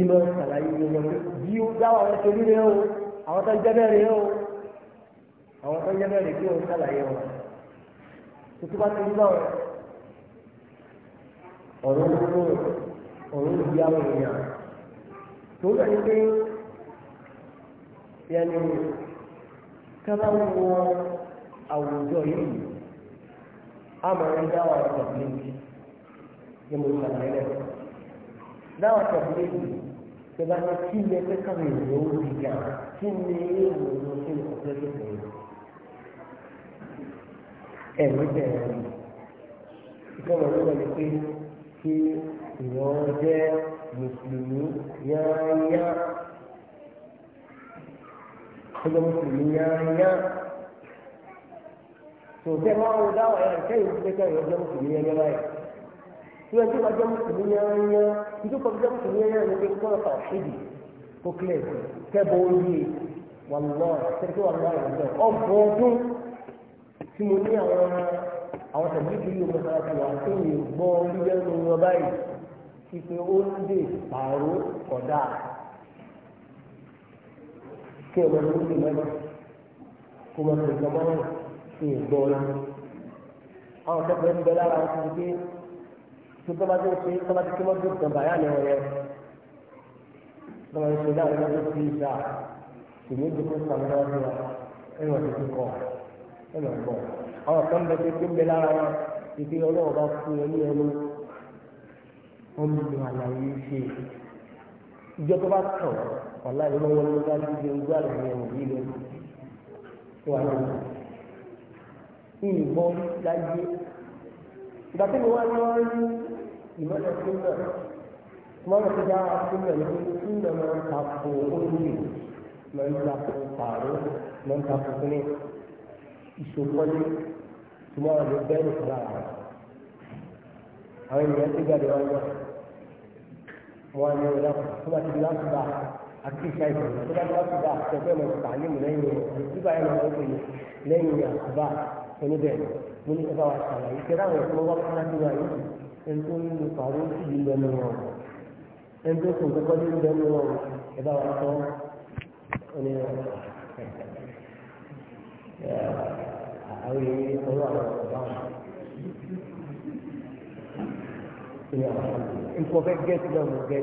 ìmọ̀ ìṣàlàyé wọn bí ó dáhùn àwọn ẹ̀kọ́ líle o àwọn tó ń jẹ́ bẹ́ẹ̀ o àwọn tó ń jẹ́ bẹ́ẹ̀ kí wọ́n ṣàlàyé wọn tuntun bá ti ń bá ọ̀rọ̀ ń kó ọ̀rọ̀ ń bí àwọn èèyàn tó ń lọ ya yẹnu ka ń wọ àwùjọ a máa ń dáwà tẹ̀lé ní mo ṣàlàyé rẹ̀ dáwà tẹ̀lé yìí tẹ̀lé ní kí ni ẹgbẹ́ káwé ìlú ó di gà ni èèyàn ló ṣe mùsùlùmí yáyá ọjọ́ mùsùlùmí yáyá tòkẹ́ máa ń dáwọ̀ ẹ̀ kẹ́yìn tó kẹ́kẹ́ yọ ọjọ́ mùsùlùmí yáyá báyìí tí wọ́n ti máa jẹ́ mùsùlùmí yáyá nítorí kọ́ jẹ́ mùsùlùmí yáyá ní pé kọ́ ọ̀tà ṣèdì kó kílẹ̀ kẹ́bọ̀ oyè wàlúwà sẹ́kẹ́ wàlúwà ìrọ̀lẹ́ ọ̀bùn ọdún tí mo ní àwọn àwọn tẹ̀lé ìdílé ọmọ ìpè oúnjẹ pààrọ̀ kọ̀dá kí ọmọ ìlú ti mẹ́lẹ̀ kó wọn lè lọ́wọ́ rẹ̀ sí ìgbọ́ ọ̀la. àwọn akẹ́kọ̀ọ́ ń bẹ lára wọn ti gbé tí tọ́mátì ṣe tọ́mátì kí wọ́n dùn bàyà ni wọ́n yẹ. tọ́mátì ṣe láwọn ọmọdé ti ń ṣá ìwé ìdókò sàmúlò ọdún wa ẹ̀rọ ti kọ̀ ẹ̀rọ kọ̀. àwọn kan bẹ ti gbé lára wọn ìgbé ọlọ́wọ́ bá fún ẹ ní wọ́n lo àlàyé ṣe ìjọba bá kàn ọ̀la ìlú wọn ló bá ti di ojú àlàyé ẹ̀wọ̀n yìí lọ sí wàhálà náà ìyìnbọn láyé ìgbà tí mo wá lọ́wọ́ rí ìmọ̀lẹ̀ sílẹ̀ ìmọ̀lẹ̀ tó dára sílẹ̀ ní sílẹ̀ máa ń ta ko olùyè máa ń ta ko pààrọ̀ máa ń ta ko kíní ìṣòkọ́lé tí wọ́n lè bẹ́ẹ̀ nìkan lára àwọn ènìyàn ti gbàdúrà wọn wọn ní ọ̀dà tó bá ti di láti bá àti ìṣàìsàn tó bá ti láti bá àtẹ̀gbẹ́ mọ̀ ìta nímú lẹ́yìn rẹ̀ nígbà yẹn lọ́wọ́ pè é lẹ́yìn àtúbà oníbẹ̀ mo ní ọba wa ṣàlàyé kí láwọn ẹ̀kọ́ wá fún láti wá yìí ẹni tó ń lu pàrọ̀ sí ìlú ẹnu wọn ẹni tó kò kọ́kọ́ ní ìlú ẹnu wọn ẹ bá wa sọ nǹkan fẹ́ gẹ́sì náà mo gẹ́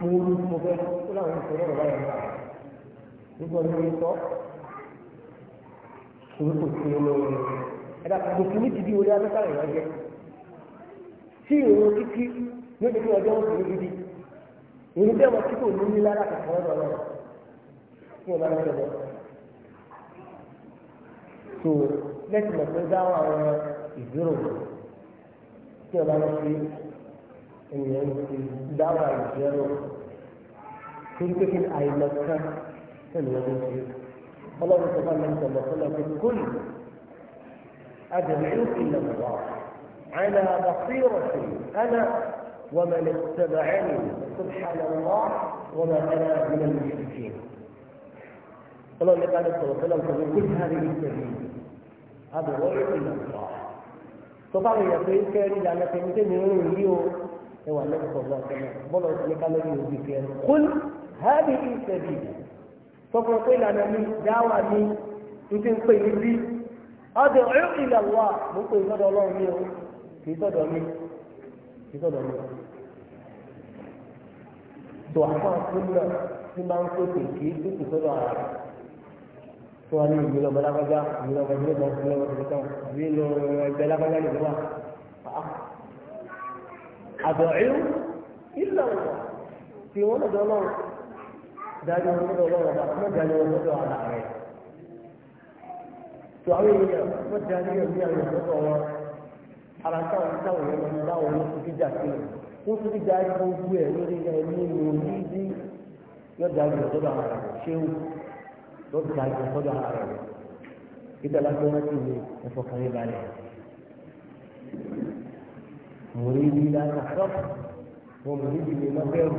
mo rú mo fẹ́ ó láwọn ìṣòro ọ̀rọ̀ báyìí nípa nígbà tí mo sọ òun kò sí olóore ẹ̀dá kò fún mi ti di orí amẹ́ta ìwà jẹ tí ìròyìn kíkí ní ojú ọjọ́ ń sọ gidi ìròyìn bẹ́ẹ̀ wọ́n tí kò ní ní lára kàkọ́ ọ̀rọ̀ náà tí wọ́n bá ń sọ̀rọ̀ lẹ́sìn mọ̀ dáhùn àwọn ìdúró tí wọ́n bá ìyẹn dáwà ìjẹ́rò kíkókè àìmọ̀ká ènìyàn ló ṣe ọlọ́run tó bá lẹ́nu tọ̀lọ̀ fún ọkọ̀ kúl أدعوك إلى الله على بصيرة أنا ومن اتبعني سبحان الله وما أنا من المشركين الله اللي قال صلى الله عليه وسلم كل هذه السبيل أدعوك إلى الله طبعا سيدي كان إذا أنا كنت من يوم ẹwà lẹ́yìn sọ̀rọ̀ ọ̀sẹ̀ náà bọ́lá ní kálọ́rì òbí fi ẹnu kún hábì ìṣẹ̀bì sọ̀rọ̀ pé ìlànà mi dáwà mi n ti ń pè mí bí ọdẹ ọ̀rẹ́ ìlà wà mo pè sọ́dọ̀ ọlọ́run mi o kì í sọ́dọ̀ mi kì í sọ́dọ̀ mi. tó àwọn akúnlẹ̀ tí máa ń pèsè kì í pèsè sọ́dọ̀ ara rẹ̀ tó wà ní ìlú lọ bẹ́lágbájá ìlú lọ bẹ́lágbájá ìlú lọ bẹ́lágbájá àbọ̀ẹ́rù ìlà ọ̀rọ̀ tí wọ́n lọ́dọ̀ ọlọ́run dájú wọn lọ́dọ̀ ọlọ́run ọba wọ́n dájú wọn lọ́dọ̀ ara rẹ̀. tó àwọn èèyàn wọ́n dájú ẹ̀mí àwọn lọ́dọ̀ wọn ara táwọn táwọn èèyàn lọ́dọ̀ àwọn ló fi jà sí wọ́n fi jà gbogbo ẹ̀ lórí ẹ̀mí lòlí bí yọ dájú lọ́dọ̀ ara rẹ̀ ṣéwù lọ́dọ̀ dájú lọ́dọ̀ ara rẹ̀ ìdàlá tó wọ́n ẹ̀fọ́ kan ní balẹ̀ mùrídìí lánàá sọ wọn mùrídìí lè má bẹ̀rù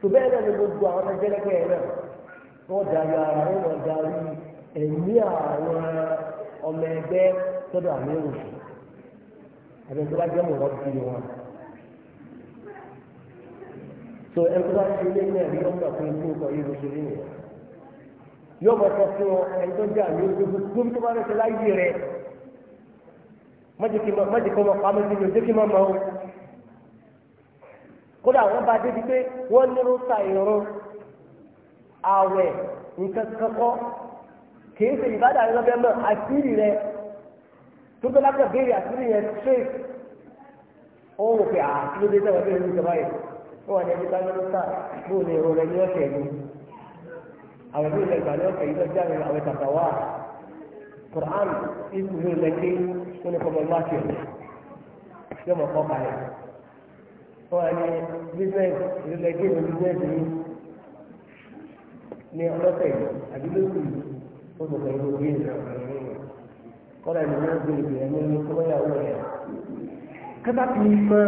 tó bẹ́ẹ̀ náà ni gbogbo àwọn ẹgbẹ́lẹ́gbẹ́ yẹn náà wọ́n darí ara wọn wọ́n darí ẹ̀mí àwọn ọmọ ẹgbẹ́ sọ́dọ̀ àmì àbẹ̀ tó bá jẹ́ mọ̀rọ́ bí wọn so ẹgbẹ́ wa ti lé ní ẹ̀rí ọ̀nà fún ikú ọkọ̀ yìí lóṣù rí nìyẹn yóò mọ̀ sọ fún ọ ẹni tó gbogbo tó bá rẹ̀ ṣe láyé rẹ̀ mọ́jì kọ́ máa pa mí sí mi ò jẹ́ kí n máa mọ̀ ọ́. kódà wọ́n bá débi pé wọ́n ní rúta ìrún àwẹ̀ nǹkan kankọ́ kì í ṣe ìbádà rẹ lọ́bẹ̀ mọ́ àṣírí rẹ tó bẹ́ẹ̀ lápẹ̀ béèrè àṣírí yẹn straight ó wò pé àtúndé sẹ́wọ̀n bẹ́ẹ̀ ní ìjọba yìí wọ́n wà ní ẹni bá ní rúta bó ní ìrún rẹ ní ọ̀sẹ̀ yìí àwẹ̀ ìgbà ní ọ̀sẹ̀ yìí lọ́jọ́ àwẹ̀ tàtàwà Quran ìsúlẹ̀ lẹ́kẹ́ ó ní kọ́mọ wá sí ọ̀rẹ́ yóò mọ̀ kọ́ kalẹ̀ wọ́n wá ní bísíǹsì ìrẹ̀lẹ̀ kí ni bísíǹsì yìí ní ọlọ́sẹ̀ yìí àbí lóṣù yìí ó gbọ̀gbọ̀ ìlú bí kọ́lá ìlú wọn gbé ìgbé ẹni ní kọ́lá ìyàwó rẹ̀ kátà kì í mọ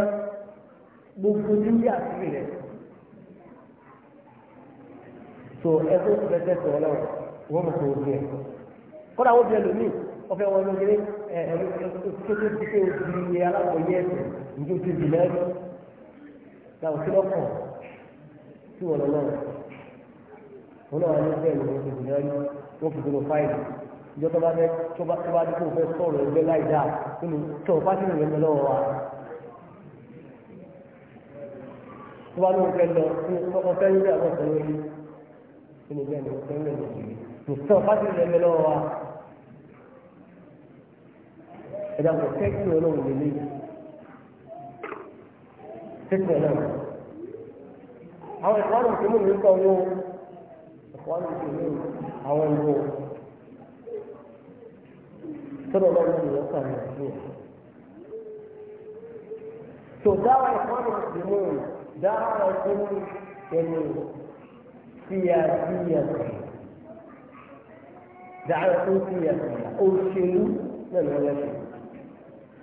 gbogbo níbi àtúnyẹ̀ rẹ̀ tó ẹgbẹ́ òṣìṣẹ́ tẹ̀sán ọlọ́run wọ́n mọ̀ kó o bí ẹ̀ kọ́lá ó bí ẹ lómi ọ̀fẹ́ wọn lómi kété tí kò di alábòye ẹsẹ̀ njó ti di lẹ́nu ta òsì lọ́kọ̀ tí wọ́n lọ lọ́wọ́ wọn náà ní bẹ́ẹ̀ lọ́wọ́ ti di lẹ́nu wọ́n fi dúró fáìlì ìjọ tó bá fẹ́ tó bá tó fẹ́ sọ̀rọ̀ ẹgbẹ́ láì dáa nínú tó o bá ti rìn lọ́wọ́ wa tó bá lóun fẹ́ lọ ọkọ̀ fẹ́ nílẹ̀ bẹ́ẹ̀ ni ọkọ̀ fẹ́ lọ́wọ́ ẹ̀dá kò tẹ́kì ọlọ́run lè lé tẹ́kì ọlọ́run àwọn ẹ̀kọ́ àrùn mú mi kọ́ wọn ẹ̀kọ́ àrùn mú àwọn ẹ̀rọ sọ́dọ̀ ọlọ́run lè lọ́kàn rẹ̀ fún ọ. tó dáwọ́ ẹ̀kọ́ àrùn mú dáwọ́ ẹ̀kọ́ àrùn tó mú síyàsíyà dáwọ́ ẹ̀kọ́ síyàsíyà òṣèlú náà lọ́wọ́ ẹ̀kọ́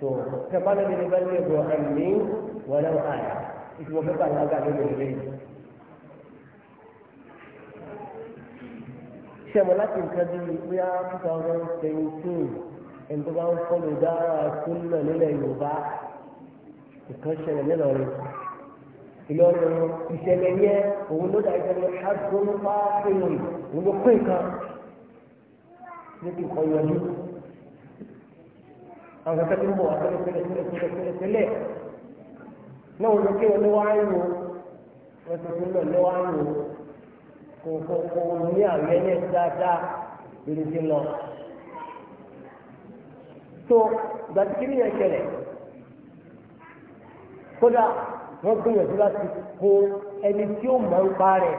tó kẹfà lóde ní bẹ́ẹ̀ lébò ẹ̀mí wọlé àyà ìtumọ̀ pépà ní ọgá lóde ìlú yìí. sẹ́mu láti nǹkan bíi bóyá two thousand seventeen ẹni tó bá ń fọ́lù dára súnmọ̀ nílẹ̀ Yorùbá nǹkan ṣẹlẹ̀ nílọrin ìlọrin ìṣẹ̀lẹ̀ yẹn òun ló dà ìṣẹ̀lẹ̀ ṣáàtúndínláàfin òun kan àwọn kẹkẹ tí ń bọ̀ wá tẹ́lẹ̀ tẹ́lẹ̀ tẹ́lẹ̀ tẹ́lẹ̀ tẹ́lẹ̀ tẹ́lẹ̀ náà wọ́n lókè wọn ní wọ́n á ń wo wọ́n ti fún náà ní wọ́n á ń wo kò kò kò ní àwẹ́lẹ̀ dáadáa lórí ti lọ. tó gbàtí kí ni yẹn ṣẹlẹ̀ kódà wọ́n gbìyànjú láti kó ẹni tí ó mọ̀ ń pa rẹ̀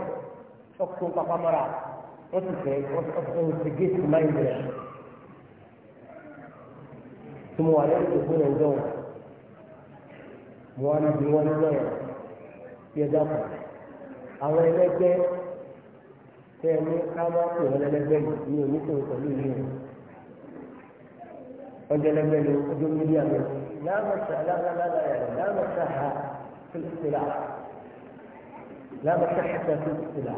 ọkùnrin pàpàmọ́ra wọ́n ti fẹ́ wọ́n ti gé sí máìlì rẹ̀. ثم وعليك هنا ودورة وانا ديوان الدورة يدافع àwọn ẹlẹgbẹ́ tẹ ẹ ní káwáàpù ẹlẹgbẹ́ yìí ní oníṣòwò pẹ̀lú ìlú rẹ ọjọ́ ẹlẹgbẹ́ ni ọjọ́ mílíọ̀nù rẹ láàmùsà lágbàlágbà yàrá láàmùsà ha fìlìsìlà láàmùsà hàtà fìlìsìlà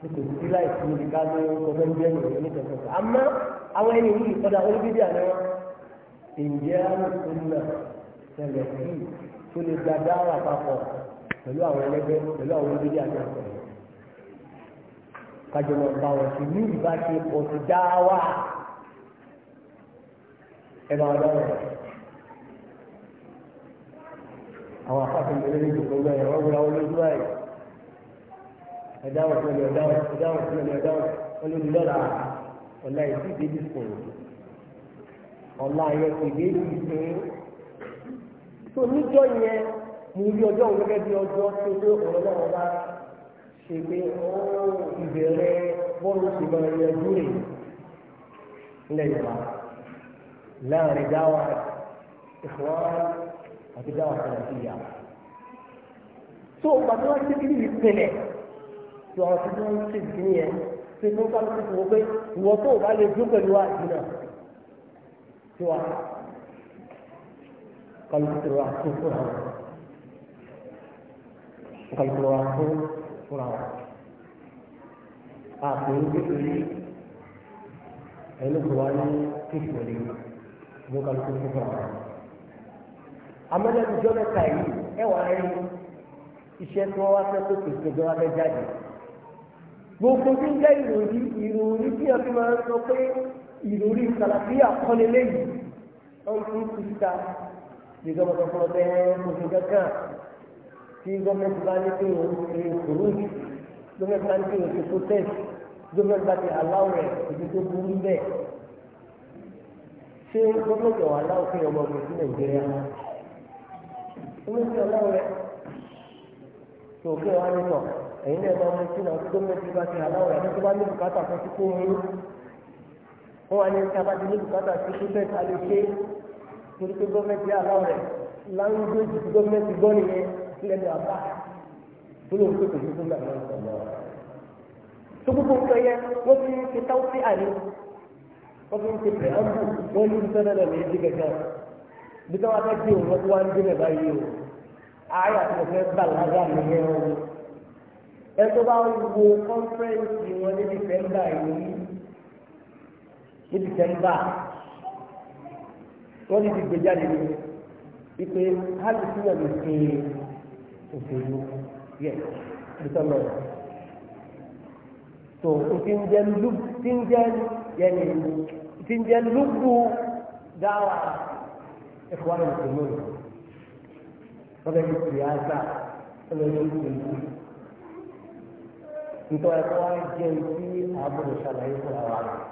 nítorí sílá ìsinmi ká ló ń kọfẹ́ ń bẹ́ẹ̀ nìyẹn ní kẹfẹ́ àmọ́ àwọn ẹni yìí ọ̀dà olùbíbí àná wọn. ǹjẹ́ àlùsùnlẹ̀ tẹ̀lẹ̀ sí tó lè gba dára papọ̀ pẹ̀lú àwọn ẹlẹ́gbẹ́ pẹ̀lú àwọn olóyè àti àkọ́rẹ́ kájọlọ bá wọn sí ní ìbáṣepọ̀ ti dá wà ẹ máa dọ́rọ̀ àwọn afáàfin lè rí ìdòkò gbẹ ẹ̀rọ wúra olójú ẹ̀ ẹ̀dáwọ̀ sílẹ̀ ẹ̀dáwọ̀ sílẹ̀ ẹ̀dáwọ̀ sílẹ̀ ẹ̀dáwọ̀ olójú lọ́la ọ̀la ìsídìí dìkùn ọ̀la yẹn kò lè yí fún tó níjọ́ yẹn mo rí ọjọ́ òun gẹ́gẹ́ bí ọjọ́ tó dé ọ̀rọ̀ náà bá ṣe pé ó ìbẹ̀rẹ̀ bọ́ọ̀lù sì máa yẹ dúrè nílẹ̀ yorùbá láàrin dáwà ìfọwọ́ àti dáwà kan àti ìyá. tó gbàgbé wá sí kíní ìpìlẹ̀ tó àwọn tó ń ṣe ìdí yẹn tó ń bá ń ṣe ìwọ pé ìwọ tó o bá lè dún pẹ̀lú àdínà wa kalukuru wa tó fúnra wa kalukuru wa tó fúnra wa àpòrò kékeré ẹlòmíràn wa ní kékeré ló kalukuru fúnra wa amẹ́lẹ́nu jọ́lẹ̀ ta yìí ẹ wà á rí iṣẹ́ tí wọ́n wá fẹ́ tó kékeré jọ wá fẹ́ jáde gbogbo tí ń jẹ́ ìròyìn ìròyìn tí a máa ń sọ pé ìròyìn kàlàfíà kọ́ni léyìí an fi síta bí gbọ́dọ̀ tó fún ọ bẹ́ẹ̀ oṣù kankan tí gọ́ọ̀mẹ̀ntì bá ní pé òun ti kúrú gọ́ọ̀mẹ̀ntì bá ní pé òun ti protest gọ́ọ̀mẹ̀ntì bá ti aláwọ̀ rẹ̀ ibi tó burú bẹ́ẹ̀ ṣé gọ́ọ̀mẹ̀ntì ọ̀hún aláwọ̀ fún ọmọ ọmọ sí nàìjíríà gọ́ọ̀mẹ̀ntì aláwọ̀ rẹ̀ tó kí wọ́n á ní tọ̀ ẹ̀yin náà bá wọn sí náà gọ́ọ̀mẹ̀ntì bá ti aláwọ̀ rẹ̀ wọ́n wà ní kábàdì ní bùkátà sí pípẹ́ ta lè ṣe torí pé gọ́ọ̀mẹ̀ntì aláwọ̀ rẹ̀ láńgbéjì tí gọ́ọ̀mẹ̀ntì gbọ́ nìyẹn lẹ́nu àbá tó lóun pé kò ní fún bàbá náà sọ̀rọ̀ tó gbogbo nǹkan yẹn wọ́n fi ń ṣe táwọn sí àná wọ́n fi ń ṣe pẹ̀lú wọ́n ní sọ́dọ̀ náà méjì gẹ̀gẹ́ bí táwọn akẹ́kọ̀ọ́ wọn wá ń dín ẹ̀bá yìí ní dìsẹ́mbà wọ́n ti ti gbèjáde ní ipe hali sílẹ̀ ló ṣe òṣèlú yẹ ìtọ́lọ̀ tó o ti ń jẹ́ lúb ti ń jẹ́ yẹnì ti ń jẹ́ lúbù dáwà ẹ̀kọ́ àwọn ìṣòro wọ́n bẹ̀rẹ̀ nítorí ẹ̀kọ́ wa jẹ́ ti àbúrò ṣàlàyé fún àwọn àgbà.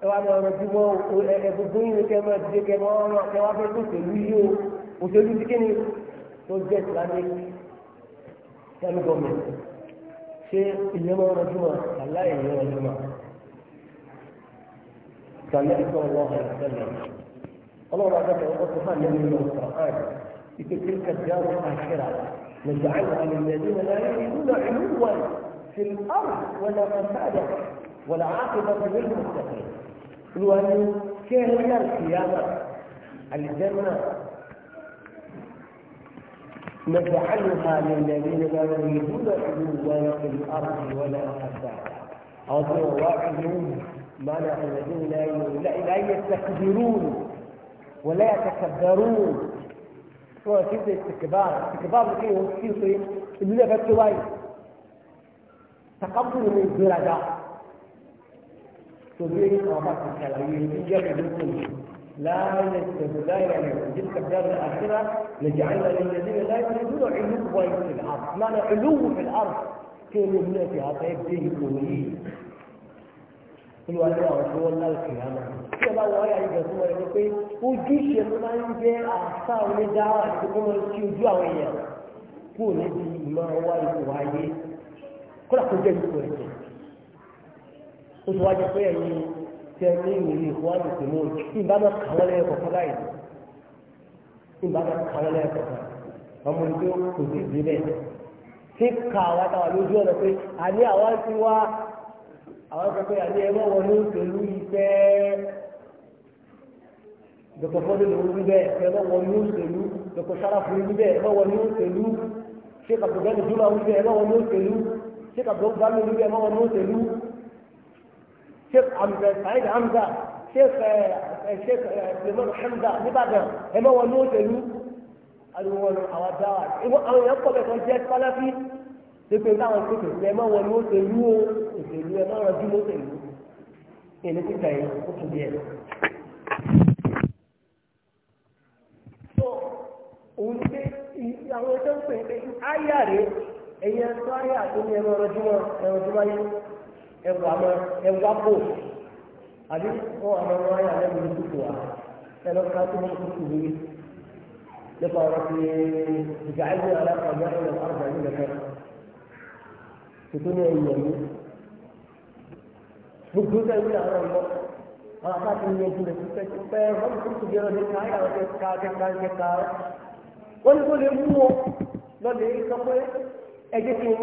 ẹ wá máa rọjú mọ́ ẹgbogbo yìí kẹ́ máa dìde kẹ́ máa rán kẹ́ wá fẹ́ tó òṣèlú yìí o òṣèlú ti kíni tó jẹ́ islamic islamic government ṣé ìyẹn máa rọjú mọ́ aláì ìyẹn rọjú mọ́ sàlẹ̀ ìtọ́ ọlọ́run àìsẹ́lẹ̀ ọlọ́run àgbàdo ọkọ̀ tó hàn nínú ìlú ọ̀sán ìpèsè kàdíyàwó àṣírà نجعلها للذين لا يريدون علوا في الارض ولا فسادا والعاقبه للمتقين الوالد كان القيامة الجنة نجعلها للذين لا يريدون علوا في الأرض ولا فسادا أو ما نحن الذين لا لا يستكبرون ولا يتكبرون هو كيف الاستكبار استكبار كده هو كده إنه بس تقبل من الدرجة تبين أو بطن كلامية يجري بالكل لا يستمر لا يعني تلك الدار الآخرة نجعلها للذين لا يريدون علوا في الأرض معنى علو في الأرض كانوا هنا في هذا طيب دين كوني قلوا أنا رسول الله القيامة كما هو يعيد هو يقول وجيش يقول أن جاء أحصى وندعاء يقول الشيوجا قول كوني ما هو يقول كل أخذ جيد كوني ó ti wá jẹ pé ẹ̀yin tẹ ní ìwòye ìfowópamọ́ ìpinnu ìbámu kàwọn lẹ́yìn kọ̀ọ̀kan báyìí ìbámu kàwọn lẹ́yìn kọ̀ọ̀kan ọmọ ìgbé kò sì dé bẹ́ẹ̀ tí ka àwọn àtàwọn lójú ọ̀nà pé àní àwọn ti wá àwọn sọ pé àní ẹgbẹ́ wọn ní pẹ̀lú ìfẹ́ dọ̀kọ̀ fọ́dún ló ń bẹ́ẹ̀ ẹgbẹ́ wọn ní pẹ̀lú dọ̀kọ̀ sáráfù ń bẹ́ẹ̀ ẹgbẹ́ wọn ní pẹ̀lú ṣé kàtó dúró àwọn ń bẹ́ẹ̀ ẹgbẹ́ wọn ní pẹ̀lú ṣé kàtó bá mi ní bẹ́ẹ̀ ẹgbẹ́ wọn ní pẹ̀lú sheikh saheed hamza sheikh eh, eh, sheikh eh, suleiman hamza nìbàdàn ẹ mọ wọn ní òṣèlú àdúgbò àwọn dáwà àwọn èèyàn pọ̀ bẹ́ẹ̀ kan jẹ́ sáláfí pépé táwọn tó tẹ̀lé ẹ mọ wọn ní òṣèlú o òṣèlú ẹ mọ wọn dúró òṣèlú ẹni tí kàyé ó tún bí ẹ. òun ní pé àwọn ẹjọ́ ń pè é pé áyà rè é ẹ̀yẹ tó áyà tó ní ẹ mọ ọ̀rọ̀ jùmọ̀ ẹ̀rọ̀ jùmọ̀ yẹn ẹwà àmọ́ ẹwà kò àbí wọn àmọ́ wọn ayé àlẹ́ mi kúkú wa ẹlọ ká tó wọn kúkú mi nípa ọ̀rọ̀ ti ìgbà ẹgbẹ́ alákọ̀ọ́gbẹ́ ẹ̀rọ àrùbá yìí lẹ́kọ̀ọ́ tuntun ní ẹ̀yìn ẹ̀mí gbogbo sẹ́yìn ní àwọn ọmọ àwọn afá ti yẹ ìpínlẹ̀ tó fẹ́ pẹ́ tó gbẹ́rọ ní káyà ká